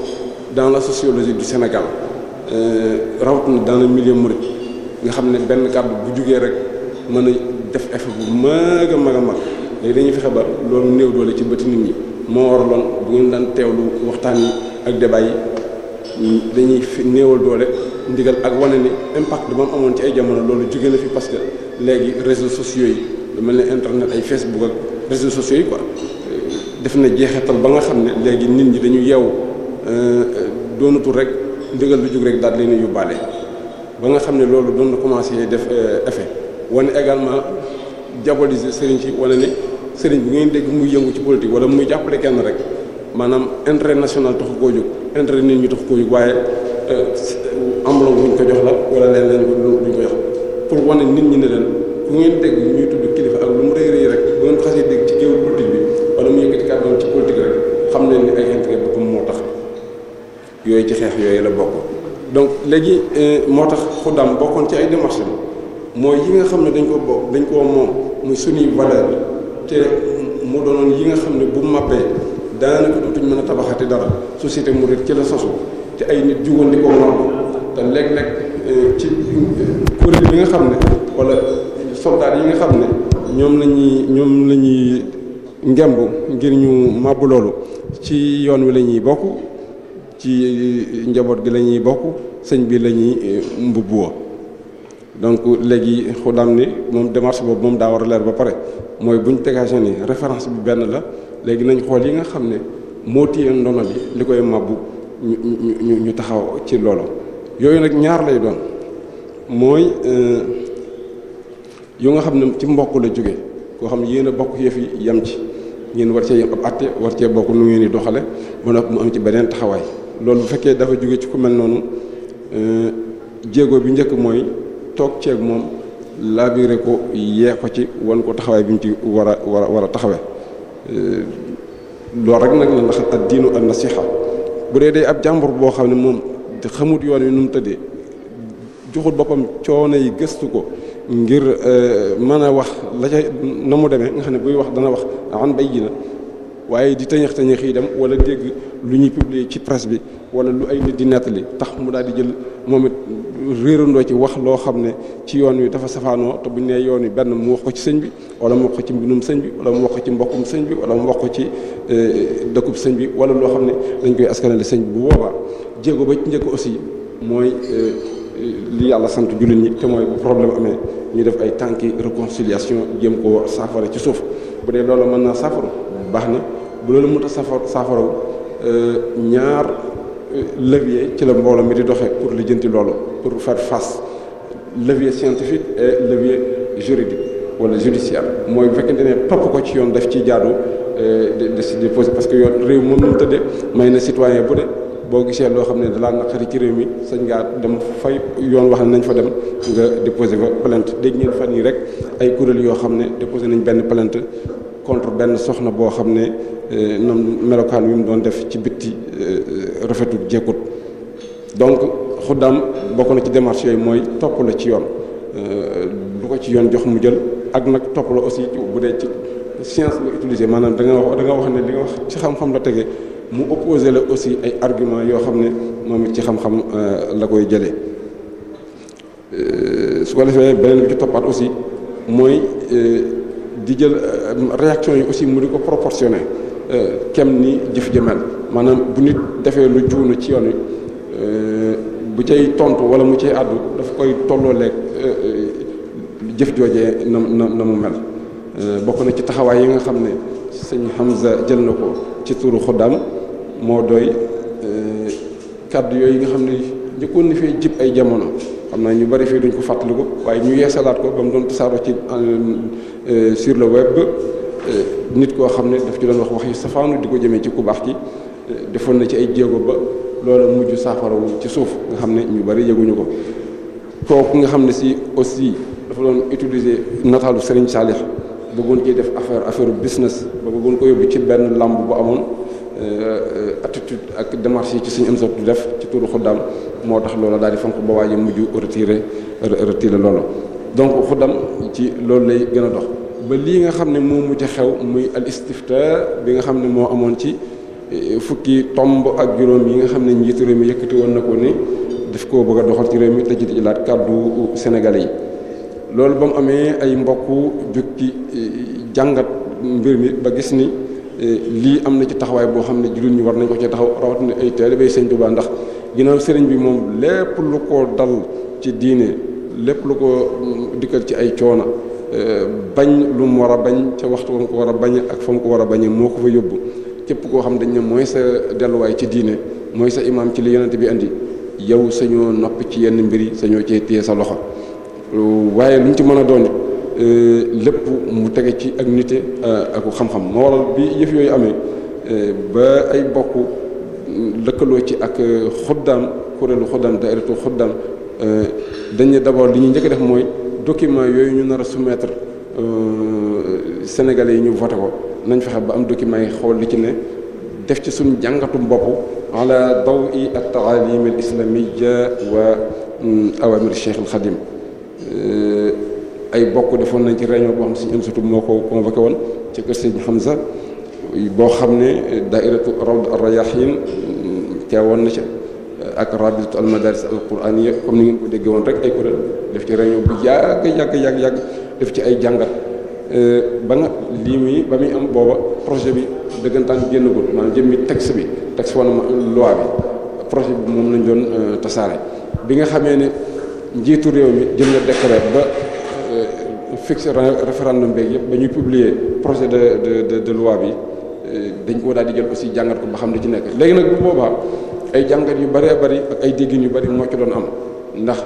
dans la sociologie du Sénégal euh, rawatina dans le milieu mouride nga xam ne benn kàddu bu jugee rek mën a def effet bu mag a mag a mag léegi dañuy fexe ba loolu néew doole ci bëti nit ñi. moo waraloon bu ngeen daan lu waxtaan yi ak débat yi dañuy néewal doole ndigal ak wane ni impact ba mu amoon ci ay jamono loolu jóge na fi parce que léegi réseau sociaux yi lu mel ne internet ay Facebook ak réseaux sociaux yi quoi def na jeexee jeexetal ba nga xam ne léegi nit ñi dañu yeewu euh, doonatul rek ndigal lu jóg rek daal leen yóbbaale ba nga xam ne loolu doon na commencé def euh, effet wane également diaboliser sëriñ ci wane ne. sëriñ bi ngeen dégg muy yëngu ci politique wala muy jàppale kenn rek maanaam intérêt national taxu koo jóg intérêt nit ñi taxu koo jóg waaye am euh, bu ñu ko jox la wala leen leen lu ñu ko jox pour wane nit ñi ne leen ku ngeen dégg ñuy tudd kilifa ak lu mu rëy rek bu ngeen xasee dégg ci géew politique bi wala mu yëkkati kàddoom ci politique rek ni ay intérêt boppam moo tax yooyu ci xeex yooyu la bokk donc léegi euh, moo tax xuddaam bokkoon ci ay démarches mooy yi nga xam ne dañ ko bokk dañ koo moom muy suñuy valeur te mu doonoon yi nga xam ne bu mappee daanaka dootuñ mën a tabaxati dara société mouride ci la sosu te ay nit jugoon di ko noonu te léeg-léeg euh, ci kuréel yi nga xam ne wala soldat yi nga xam ne ñoom la ñuy ñoom la ñuy ngemb ngir ñu màbb loolu ci yoon wi la ñuy bokk ci njaboot gi la ñuy bokk sëñ bii la ñuy euh, mbubbuwa donc léegi xu daam ni moom démarche boobu moom daa war a leer ba pare mooy buñ tegation ni référence bi benn la léegi nañ xool yi nga xam ne moo téye ndono li li koy mabbu ñu ñu ñu taxaw ci loolu yooyu nag ñaar lay doon mooy euh, yoo nga xam ne ci mbokk la jóge koo xam ne yéen a bokk yëf yi yem ci ngeen war cee yem ab àtte war cee bokk nu ngeen di doxale ba noppi mu am ci beneen taxawaay loolu bu fekkee dafa jóge ci ku mel noonu euh, jéego bi njëkk mooy toog ceeg moom labiré ko yee ko ci wan ko taxawaay bi mu ci war a wara a war a taxawee loolu rek nag la ndax ad diinu an nasiha bu dee day ab jàmbur boo xam ne moom xamut yoon wi nu mu tëddee joxul boppam coono yi gëstu ko ngir eh, mën a wax la ca na mu demee nga xam ne buy wax dana wax an bay ji na waaye di tëñëx tëñëx yi dem wala dégg lu ñuy publier ci presse bi wala lu ay nit di nettali tax mu daal di jël moom it réerandoo ci wax loo xam ne ci yoon wi dafa safaanoo te bu ñu yoon wi benn mu wax ko ci sëñ bi wala mu wax ko ci mbindum sëñ bi wala mu wax ko ci mbokkum sëñ bi wala mu ko ci euh, dëkkub sëñ bi wala loo xam ne dañ koy askanale sëñ bi bu boobaa jéego ba njëkk aussi mooy euh, li yàlla sant jullit ñi te mooy problème amee ñu def ay tànki réconciliation jéem koo saafara ci suuf bu mën naa saafara baax na. bu loolu mënut a safar saafaraw euh, ñaar euh, levier ci la mbooloo mi di doxee pour lijjanti loolu pour faire face levier scientifique et levier juridique wala judiciaire mooy bu fekkente ne topp ko ci yoon def ciy jaadu di di posé parce que yoon réew moom lañ tëddee may na citoyen bu dee boo gisee loo xam ne dalaa naqari ci réew mi sañ ngaa dem fay yoon wax ne nañ fa dem nga déposé fa plainte dégg ngeen fan yi rek ay kuréel yoo xam ne déposé nañ benn plainte contre benn soxna boo xam ne euh, nam melokaan bi mu doon def ci bitti euh, euh, rafetul jekkut donc xuddaam bokk na ci démarché yi mooy topp la ci yoon du ko ci yoon jox mu jël ak nag topp la aussi bu dee ci science nga utiliser maanaam da nga wax da wax ne li nga wax ci xam-xam la tege mu opposé la aussi ay argument yoo xam ne moom it ci xam-xam la koy jëlee su ko defee beneen bi ci toppaat aussi mooy di jël euh, réaction yi aussi mu di ko proportionné euh, kem ni jëf jëmel maanaam bu nit defee lu juunu ci yoon wi euh, bu cay tontu wala mu cay àddu dafa koy tollooleeg jëf joojee na mu mel bokk na ci taxawaay yi nga xam ne sëñ Hamza jël na ko ci turu xuddaam moo doy kàddu yooyu nga xam ne njëkkoon ni fee jib ay jamono xam na ñu bari fii duñ ko fàttaliku waaye ñu yeesalaat ko ba mu doon tasaaroo ci euh, sur le web euh, nit koo xam ne daf ci doon wax wax yu safaanu di ko jëmee ci ku baax ci euh, defoon na ci ay jéego ba loola mujj saafarawu ci suuf nga xam ne ñu bari yëguñu ko kooku nga xam ne si aussi dafa doon utiliser nataalu Serigne Salih bëggoon ciy def affaire affaire business ba bëggoon ko yóbbu ci benn làmb bu amoon Euh, attitude ak démarche yi ci suñ am satu def ci turu xuddam moo tax loola daal di fonk ba waaji mujj retiré retiré loolu donc xuddam ci loolu lay gën a dox ba lii nga xam ne moo mujj xew muy al istifta bi nga xam ne moo amoon ci eh, fukki tomb ak juróom yi nga xam ne njiitu réew mi yëkkati woon na ko ni daf ko bëgg a doxal ci réew mi te ci jëlaat kàddu sénégalais yi loolu ba mu amee ay mbokk jukki eh, jàngat mbir mi ba gis ni lii am na ci taxawaay boo xam ne jullit ñi war nañ ko ci taxaw na ay taalibey sëñ Tuubaa ndax ginnaaw sëriñ bi moom lépp lu ko dal ci diine lépp lu ko dikkal ci ay coona eh, bañ lu mu war a bañ ca waxtu wam ko war a bañ ak fa mu ko war a bañe moo ko fa yóbbu képp koo xam ne dañ ne mooy sa delluwaay ci diine mooy sa imaam ci li yonent bi indi yow sañoo nopp ci yenn mbir yi sañoo cee téye sa loxo waaye lu mu ci mën a doon Euh, lépp mu tege ci ak nite euh, ak xam-xam moo waral bi yëf yooyu amee euh, ba ay bokk mm, lëkkaloo ci ak xuddaam kuréelu xuddaam daayiratu xuddaam dañ ne d'abord li ñuy njëkk def mooy document yooyu ñu nar a soumettre sénégale yi ñu voté ko nañ fexe ba am document yi xool li ci ne def ci suñu jàngatum bopp ala dawi ak taalim al-islamiyya wa mm, awamir Cheikh al-Khadim ay bokk defoon nañ ci réunion boo xam si ñun surtout moo ko ko convoqué woon ci kër sëñ Hamza boo xam ne daairatu rawd ar-rayahin teewoon na ci ak rabitatu almadaris alquraniya comme ni ngeen ko déggee woon rek ay kuréel def ci réunion bu yàgg yàgg yàgg yàgg def ci ay jàngat ba nga lii muy ba muy am booba projet bi dëggantaan génnagul maanaam jëmmi texte bi texte woon ma loi bi projet bi moom lañ doon euh, tasaare bi nga xamee ne njiitu réew mi jël na décret fixé référendum beeg yëpp ba ñuy publier projet de de de loi bi euh, dañ koo daal di jël si jàngat ko ba xam ne ci nekk léegi nag bu boobaa ay jàngat yu bëree bëri ak ay déggin yu bëri moo ci doon am ndax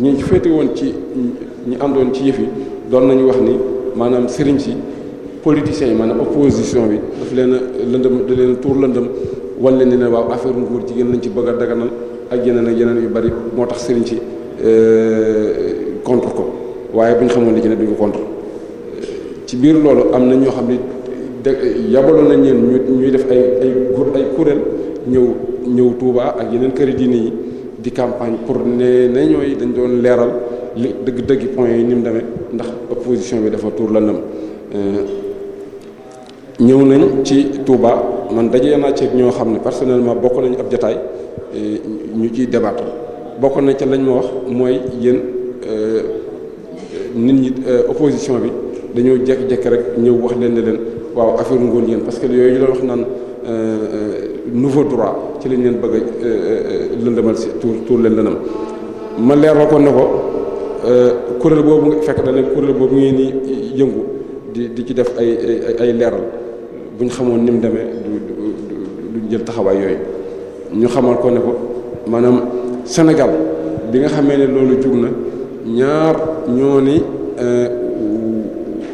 ñi féete woon ci ñi doon ci yëf yi doon nañu wax ni maanaam sëriñ si politiciens yi maanaam opposition bi daf leen a lëndëm da leen tuur lëndëm wan leen ne waaw affaire nguur jigéen lañ ci bëgg a daganal ak yeneen ak yeneen yu bëri moo tax sëriñ si euh, contre ko waaye bu ñu xamoon li ci ne duñu contre ci biir loolu am na ñoo xam ne yabaloon nañ leen ñu ñuy def ay ay ay ñëw ñëw Touba ak yeneen këri diine yi di campagne pour ne ne dañ doon leeral li dëgg dëggi point yi ni mu demee ndax opposition bi dafa tuur landam euh, ñëw nañ ci Touba man dajee naa ci ñoo xam ne personnellement bokk nañu ab jataay euh, ñu ciy débattre bokk na ca lañ ma wax mooy yéen euh, nit ñi euh, opposition bi dañoo jekk-jekk rek ñëw wax leen ne leen waaw affaire ngóor jigéen parce que yooyu la wax naan euh, euh, nouveau droit ci lañ leen bëgg a lëndëmal si tuur tuur leen lëndam ma leeroo ko ne ko kuréel boobu nga fekk da leen kuréel boobu ngeen ni yëngu di di ci def ay ay leeral bu ñu xamoon ni mu demee du du jël taxawaay yooyu ñu xamal ko ne ko maanaam Sénégal bi nga xamee ne loolu jóg na. ñaar ñoo ni euh,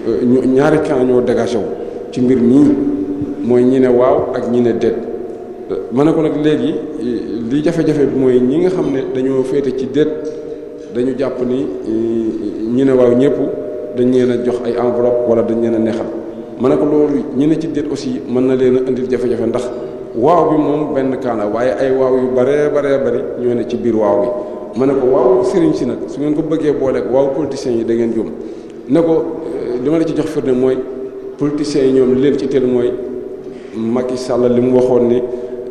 euh, ñaari camp ñoo dégagé ci mbir mii mooy ñi ne waaw ak ñi ne déet ma ne ko nag léegi li jafe-jafe bi mooy ñi nga xam ne dañoo féete ci déet dañu jàpp ni euh, ñi ne waaw ñëpp dañ leen a jox ay enveloppe wala dañ leen a neexal ma ne ko loolu ñi ne ci déet aussi mën na leen a indil jafe-jafe ndax waaw bi moom benn camp waaye ay waaw yu baree baree bari ñoo ne ci biir waaw bi ma ne ko waaw sëriñ si nag su ngeen ko bëggee booleeg waaw politiciens yi da ngeen juum ne ko eh, li ma la ci jox firnde mooy politiciens yi ñoom leen ci teel mooy Macky Sall li mu waxoon ne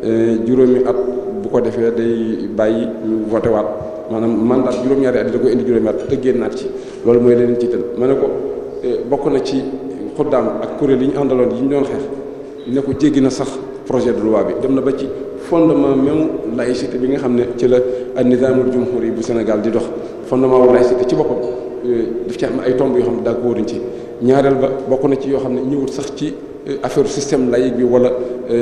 eh, juróomi at bu ko defee day bàyyi ñu voté waat maanaam mandat juróom-ñaari at da ko indi juróomi at te génnaat ci loolu mooy leen ci teel ma ne ko eh, bokk na ci xuddaam ak kuréel yi ñu àndaloon yi ñu doon xeex ne ko jéggi na sax projet de loi bi dem na ba ci. fondement même laïcité bi nga xam ne ci la ak nizaamul jumhuri bu Sénégal di dox fondement wu laïcité ci boppam euh, daf ci am ay tomb yoo xam ne daal wóoruñ ci ñaareel ba bokk na ci yoo xam ne ñëwul sax ci euh, affaire système laïque bi wala 15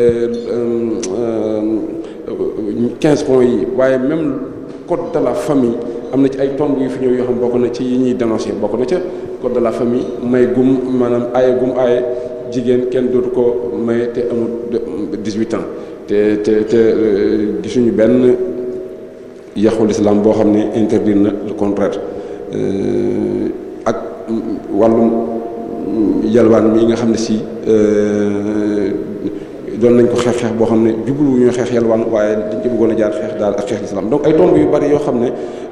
euh, points yi waaye même code de la famille am na ci ay tomb yu fi ñëw yoo xam bokk na ci yi ñuy dénoncer bokk na ca code de la famille may gum maanaam aaye gum aaye jigéen kenn dootu ko maye te amul 18 ans te te te euh, gisuñu benn yaxul islam boo xam ne interdire na le contraire euh, ak wàllum mm, yalwaan mi nga xam ne si euh, doon nañ ko xeex xeex boo xam ne jubluwu ñu xeex yalwaan waaye dañ ci bëggoon a jaar xeex daal ak xeex lislaam donc ay tomb yu bari yoo xam ne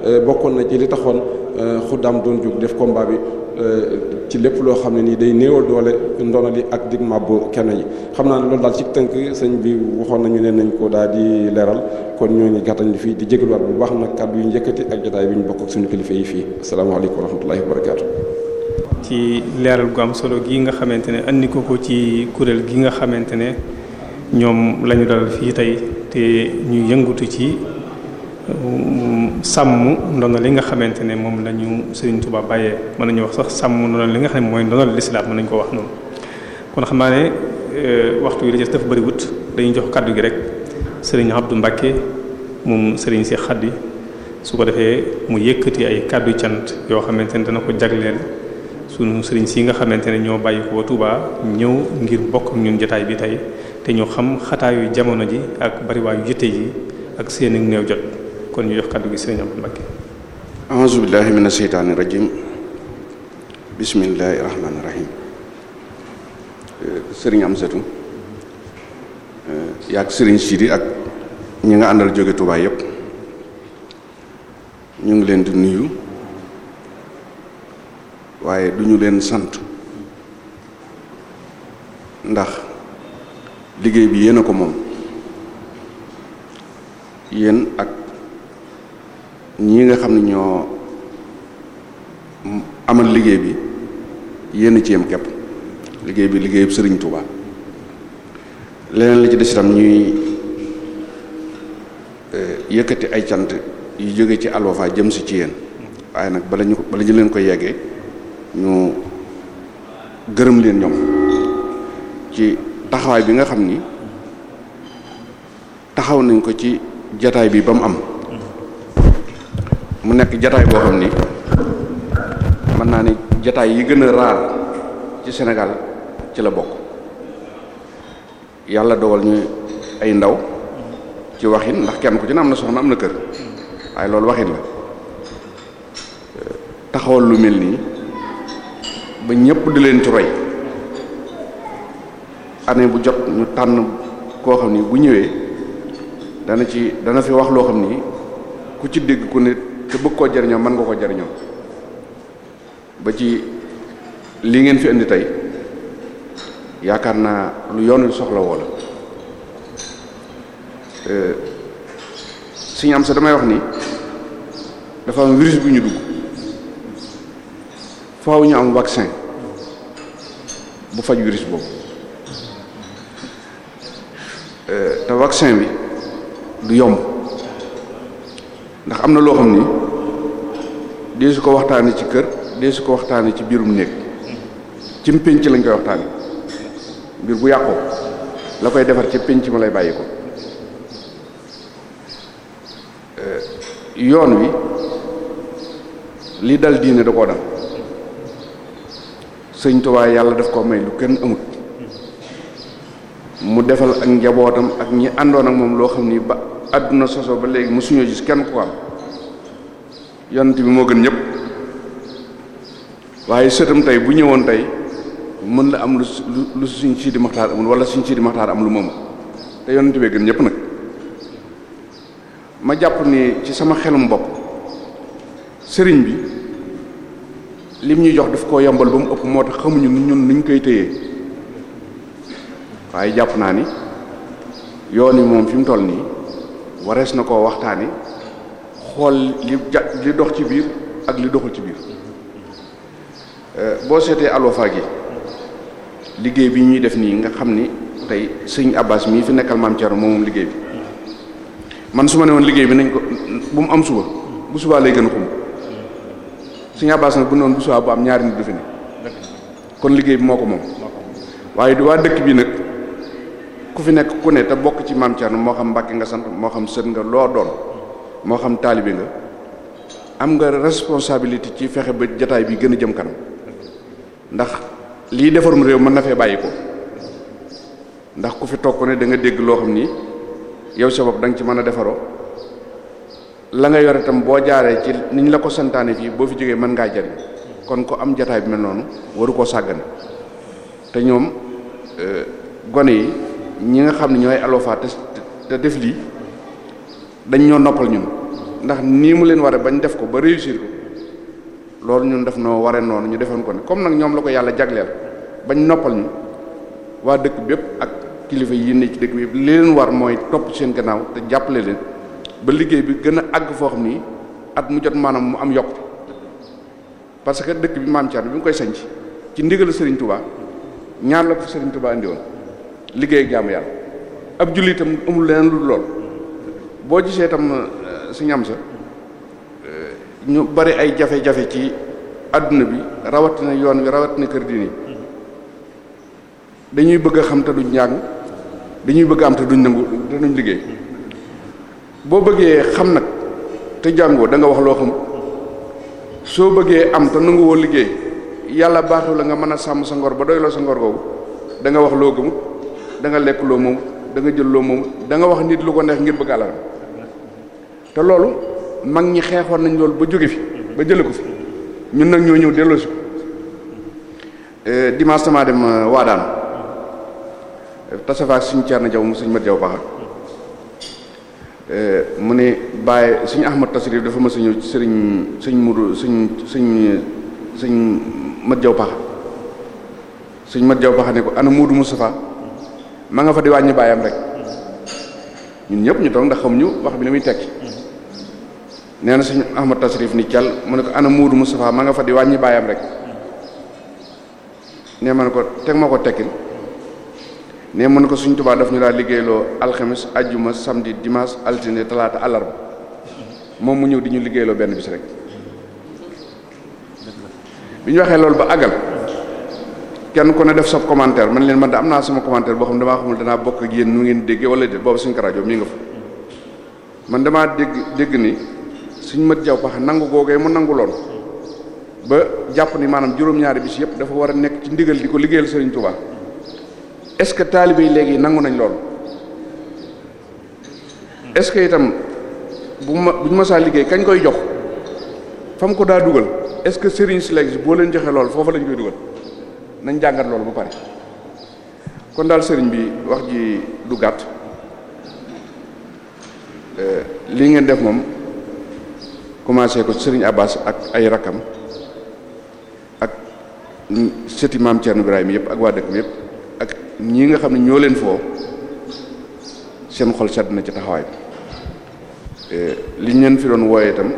euh, bokkoon li taxoon euh, xuddaam doon jóg def combat bi euh, lépp loo xam ne nii day néewal doole ndono li ak dig màbbu kenn yi xam naa ne loolu daal tënk sëñ bi waxoon nañu ne nañ ko daal di leeral kon ñoo ngi gàttañ fii di jégaluwaat bu baax nag kàddu yu njëkkati ak jotaay bi ñu bokk suñu kilifa yi fii asalaamaaleykum wa rahmatullahi wa barakaatu ci leeral gu am solo gi nga xamante ne andi ko ko ci kuréel gi nga xamante ne ñoom lañu dalal fii tey te ñu yëngutu ci um, sàmm ndono li nga xamante ne moom lañu Sëriñ Tuubaa bàyyee mën nañu wax sax sàmm ndono li nga xam ne mooy ndono lislaam mën nañ ko wax noonu kon xam naa ne euh, waxtu yi la ci dafa bëri wut dañuy jox kàddu gi rek Sëriñ Abdou Mbàkke moom Sëriñ Cheikh Khady su ko defee mu yëkkati ay kàddu cant yoo xamante ne dana ko jagleel sunu sëriñ si nga xamante ne ñoo bàyyi ko Tuubaa ñëw ngir bokk ñun jataay bi tey te ñu xam xataayu jamono ji ak bariwaayu jëte yi ak seen new jot kon ñu jox kàddu gi Sëriñ Abdou Mbacké a'uuzu billahi minash shaytaanir rajiim bismillahir rahmanir rahim eh, sëriñ Amsatu eh, yaak sëriñ Sidi ak ñi nga àndal jóge Touba yépp ñu ngi leen di nuyu waaye duñu leen sant ndax liggéey bi yéen ko moom yéen ak ñi nga xam ne ñoo amal liggéey bi yéen a ci yem képp liggéey bi liggéeyub Sëriñ Tuuba leneen la ci des itam ñuy eh, yëkkati ay cant yu jóge ci Al Wafa jëm si ci yéen waaye nag bala ñu bala ñu leen ko yeggee ñu gërëm leen ñoom ci taxawaay bi nga xam ni taxaw nañ ko ci jataay bii ba mu am mu nekk jataay boo xam ni mën naa ni jataay yi gën a raar ci Sénégal ci la bokk yàlla dogal ñu ay ndaw ci waxin ndax kenn ku ci ne am na soxna am na kër waaye loolu waxin la taxawal lu mel nii ba ñépp di leen ci roy année bu jot ñu tànn koo xam ni bu ñëwee dana ci dana fi wax loo xam ni ku ci dégg ku ne te bëgg koo jariñoo man nga koo jariñoo ba ci lii ngeen fi indi tey yaakaar naa lu yoon soxla woo la suñu am sa damay wax ni dafa am virus bu ñu dugg faaw ñu am vaccin bu faj virus boobu Euh, te vaccin bi du yomb ndax am na loo xam ni dee su ko waxtaane ci kër dee ko waxtaane ci biirum néeg ci pénc lañ koy waxtaane mbir bu yàqoo la koy defar ci pénc ma lay bàyyi ko euh, yoon wi li dal diine da koo dal sëñ yàlla daf ko may lu kenn amut mu defal ak njabootam ak ñi àndoon ak moom loo xam ni ba àdduna soso ba léegi mësuñoo gis kenn ko am yonent bi moo gën ñëpp waaye sëtam tey bu ñëwoon tey mën la am lu lu suñ siidi maxtaar amul wala suñ siidi maxtaar am lu moom te yonent bee gën ñëpp nag ma jàpp ni ci sama xelum bopp sëriñ bi lim ñuy jox daf koo yombal ba mu ëpp moo tax xamuñu ñun nuñ koy téyee waaye jàpp naa ni yoon yi moom fi mu toll nii warees na koo waxtaani xool li ja li dox ci biir ak li doxul ci biir euh, boo seetee Alwafa gi liggéey bi ñuy def nii nga xam ni tey sëñ Abbas mii fi nekkal maam Thierno moom liggéey bi man su ma ne woon liggéey bi nañ ko bu mu am suba bu subaa lay gën a xum sëñ Abbas nag bu noonu bu subaa bu am ñaari nit du fi ne kon liggéey bi moo ko moom waaye waa dëkk bi nag. ku fi nekk ku ne te bokk ci maam Thierno moo xam Mbàkke nga sant moo xam sët nga loo doon moo xam taalibi nga am nga responsabilité ci fexe ba jataay bi gën a jëm kanam ndax lii defarum réew mën na fee bàyyi ko ndax ku fi toog ko ne da nga dégg loo xam nii yow sa bopp da ci mën a defaroo la nga yore itam boo jaaree ci ni la ko sentaane fii boo fi jógee mën ngaa jariñ kon ko am jataay bi mel noonu waru koo sàggane te ñoom euh, gone yi ñi nga xam ne ñooy alofa te def lii dañ ñoo noppal ñun ndax nii mu leen ware bañ def ko ba réussir ko loolu ñun def noo ware noonu ñu defoon ko ne comme nag ñoom la ko yàlla jagleel bañ noppal ñu waa dëkk bépp ak kilifa yi ne ci leen war mooy topp seen gannaaw te jàppale leen ba liggéey bi gën a àgg foo nii at mu jot maanaam mu am yokkute parce que dëkk bi maam Thierno bi mu koy sanc ci ndiggal Serigne Touba ñaar la ko Serigne Touba indi woon liggéey jaamu yàlla ab jullit amul leen lu lool boo gisee itam euh, si ñam sa euh, ñu bari ay jafe-jafe ci àdduna bi rawatina yoon wi rawatina kër diini dañuy bëgg a xam te duñ njàng dañuy bëgg am te duñ nangu te duñ liggéey boo bëggee xam nag te jàngoo da nga wax loo xam soo bëggee am te nanguwoo liggéey yàlla baaxul la nga mën a sàmm sa ngor ba doy doyloo sa ngor googu da nga wax loo gëmut danga nga lekk loo moomut da nga jël loo moomut da wax nit lu ko neex ngir bëgg alal te loolu mag ñi xeexoon nañ loolu ba jóge fi ba jële ko fi ñun nag ñoo ñëw delloo si euh, dimanche sama dem euh, waadaan tasafaak suñu Thierno Diaw mu suñu mat Diaw baax euh, mu ne bàyyi suñu Ahmad Tasrif dafa ma suñu sëriñ suñ mudu suñ suñ suñ mat Diaw baax suñ mat Diaw baax ne ko ana muudu Mustafa ma nga fa di wàññi baayam rek ñun ñëpp ñu toog ndax ñu wax bi ni muy tekki nee na suñu ahmad tasrif ni cal mu ne ko ana muudu Moustapha ma nga fa di wàññi baayam rek nee ma ne ko teg ma ko tekkil nee mën ne ko suñ tubaa daf ñu daa liggéeyloo alxamis ajjuma samedi dimaas altine talaata alarba moom mu ñëw di ñu liggéeyloo benn bis rek bi ñu waxee loolu ba àggal kenn ku ne def sa commentaire man leen man da am naa sama commentaire boo xam damaa xamul danaa bokk ak yéen nu ngeen déggee wala déet boobu suñ ko nga fa man damaa dégg dégg ni suñ mët jaw pax nangu googee mu nangu loon ba jàpp ni maanaam juróom-ñaari bis yëpp dafa war a nekk ci ndigal di ko liggéeyal Serigne Touba est-ce que taalibe yi léegi nangu nañ lool est-ce que itam bu ma bu ñu masaa liggéey kañ koy jox fam ko daa dugal est-ce que Serigne si léegi boo leen joxee lool foofa lañ koy dugal. nañ jàngat loolu ba pare kon daal sëriñ bi wax ji du gàtt eh, lii ngeen def moom commencé ko sëriñ Abbas ak ay rakkam ak sëti maam Thierno Ibrahima yëpp ak waa dëkk bi yëpp ak ñi nga xam ne ñoo leen foo seen xol sedd na ci taxawaay bi eh, liñ leen fi doon wooyee tam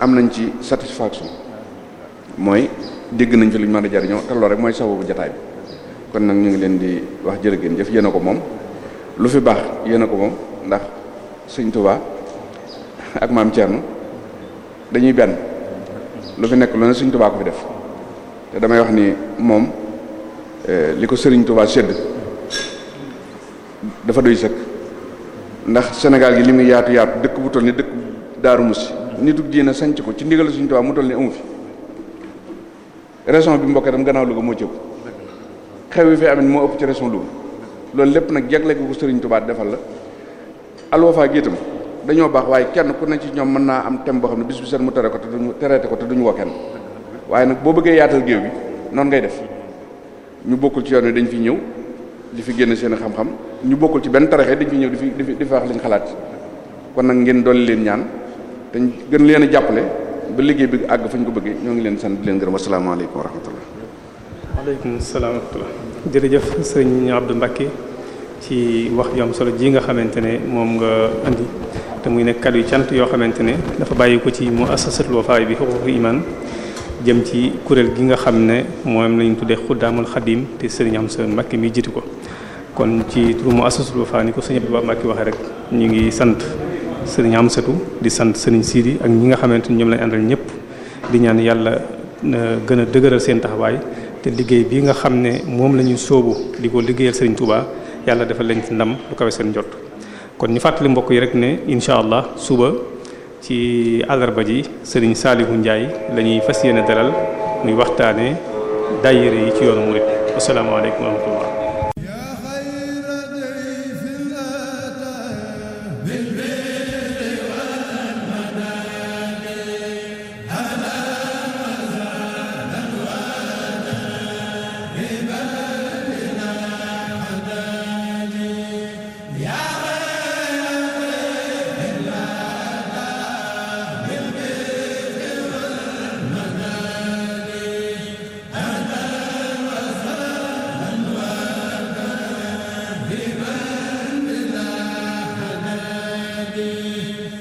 am nañ ci satisfaction mooy dégg nañ fi lu ñu mën a jariñoo te loolu rek mooy sababu jataay bi kon nag ñu ngi leen di wax jërë ngeen jëf yéen ko moom lu fi baax yéen a ko moom ndax sëñ Tuubaa ak maam Thierno dañuy benn lu fi nekk lu ne sëñ Tuubaa fi def damay wax ni moom eh, li ko sëriñ Tuubaa sedd dafa doy sëkk ndax Sénégal gi li muy yaatu yaatu dëkk bu toll ni dëkk Daaru Musi nitu diina sanc ko ci ndigal sëñ Tuubaa mu toll ni amu fi région bi mbokk itam gannaaw Louga moo cëpp xew yi fi amit moo ëpp ci région Louga loolu lépp nag jagle ko Sëriñ tubaat defal la alwafa gi itam dañoo baax waaye kenn ku ne ci ñoom mën naa am thème boo xam ne bis su set mu tere ko te duñu tereete ko te duñu woo kenn waaye nag boo bëggee yaatal géew bi noonu ngay def ñu bokkul ci yoon wi dañ fi ñëw di fi génn seen xam-xam ñu bokkul ci benn taraxe dañ fi ñëw di fi di fi wax liñ xalaat kon nag ngeen dolli leen ñaan te gën leen a jàppale ba liggéey bi àgg fu ñu ko bëggee ñoo ngi leen sant di leen gërëm asalaamaaleykum wa rahmatullah. waaleykum salaam wa rahmatullah. sëñ Abdou Mbacke ci wax ju solo ji nga xamante ne moom nga te muy nekk cant yoo xamante ne dafa bàyyi ko ci muassasatul Wafa bi xuququl jëm ci kuréel gi nga xam ne moom lañu tuddee xuddaamul xadim te sëriñ am sa Mbacke mi jiitu ko kon ci turu muassasatul Wafa ni ko sëñ Abdou Mbacke waxee rek ñu ngi sant. sëriñ Amsatu di sant sëriñ Sidi ak ñi nga xamante ni ñoom lañ àndal ñëpp di ñaan yàlla gën a dëgëral seen taxawaay te liggéey bi nga xam ne moom la ñuy sóobu di ko liggéeyal sëriñ Touba yàlla defal leen ci ndam lu kawe seen jot. kon ñu fàttali mbokk yi rek ne incha allah suba ci àllarba ji sëriñ Salihu Ndiaye la ñuy fas yéene dalal muy waxtaanee daayira yi ci yoonu murid asalaamaaleykum wa rahmatullah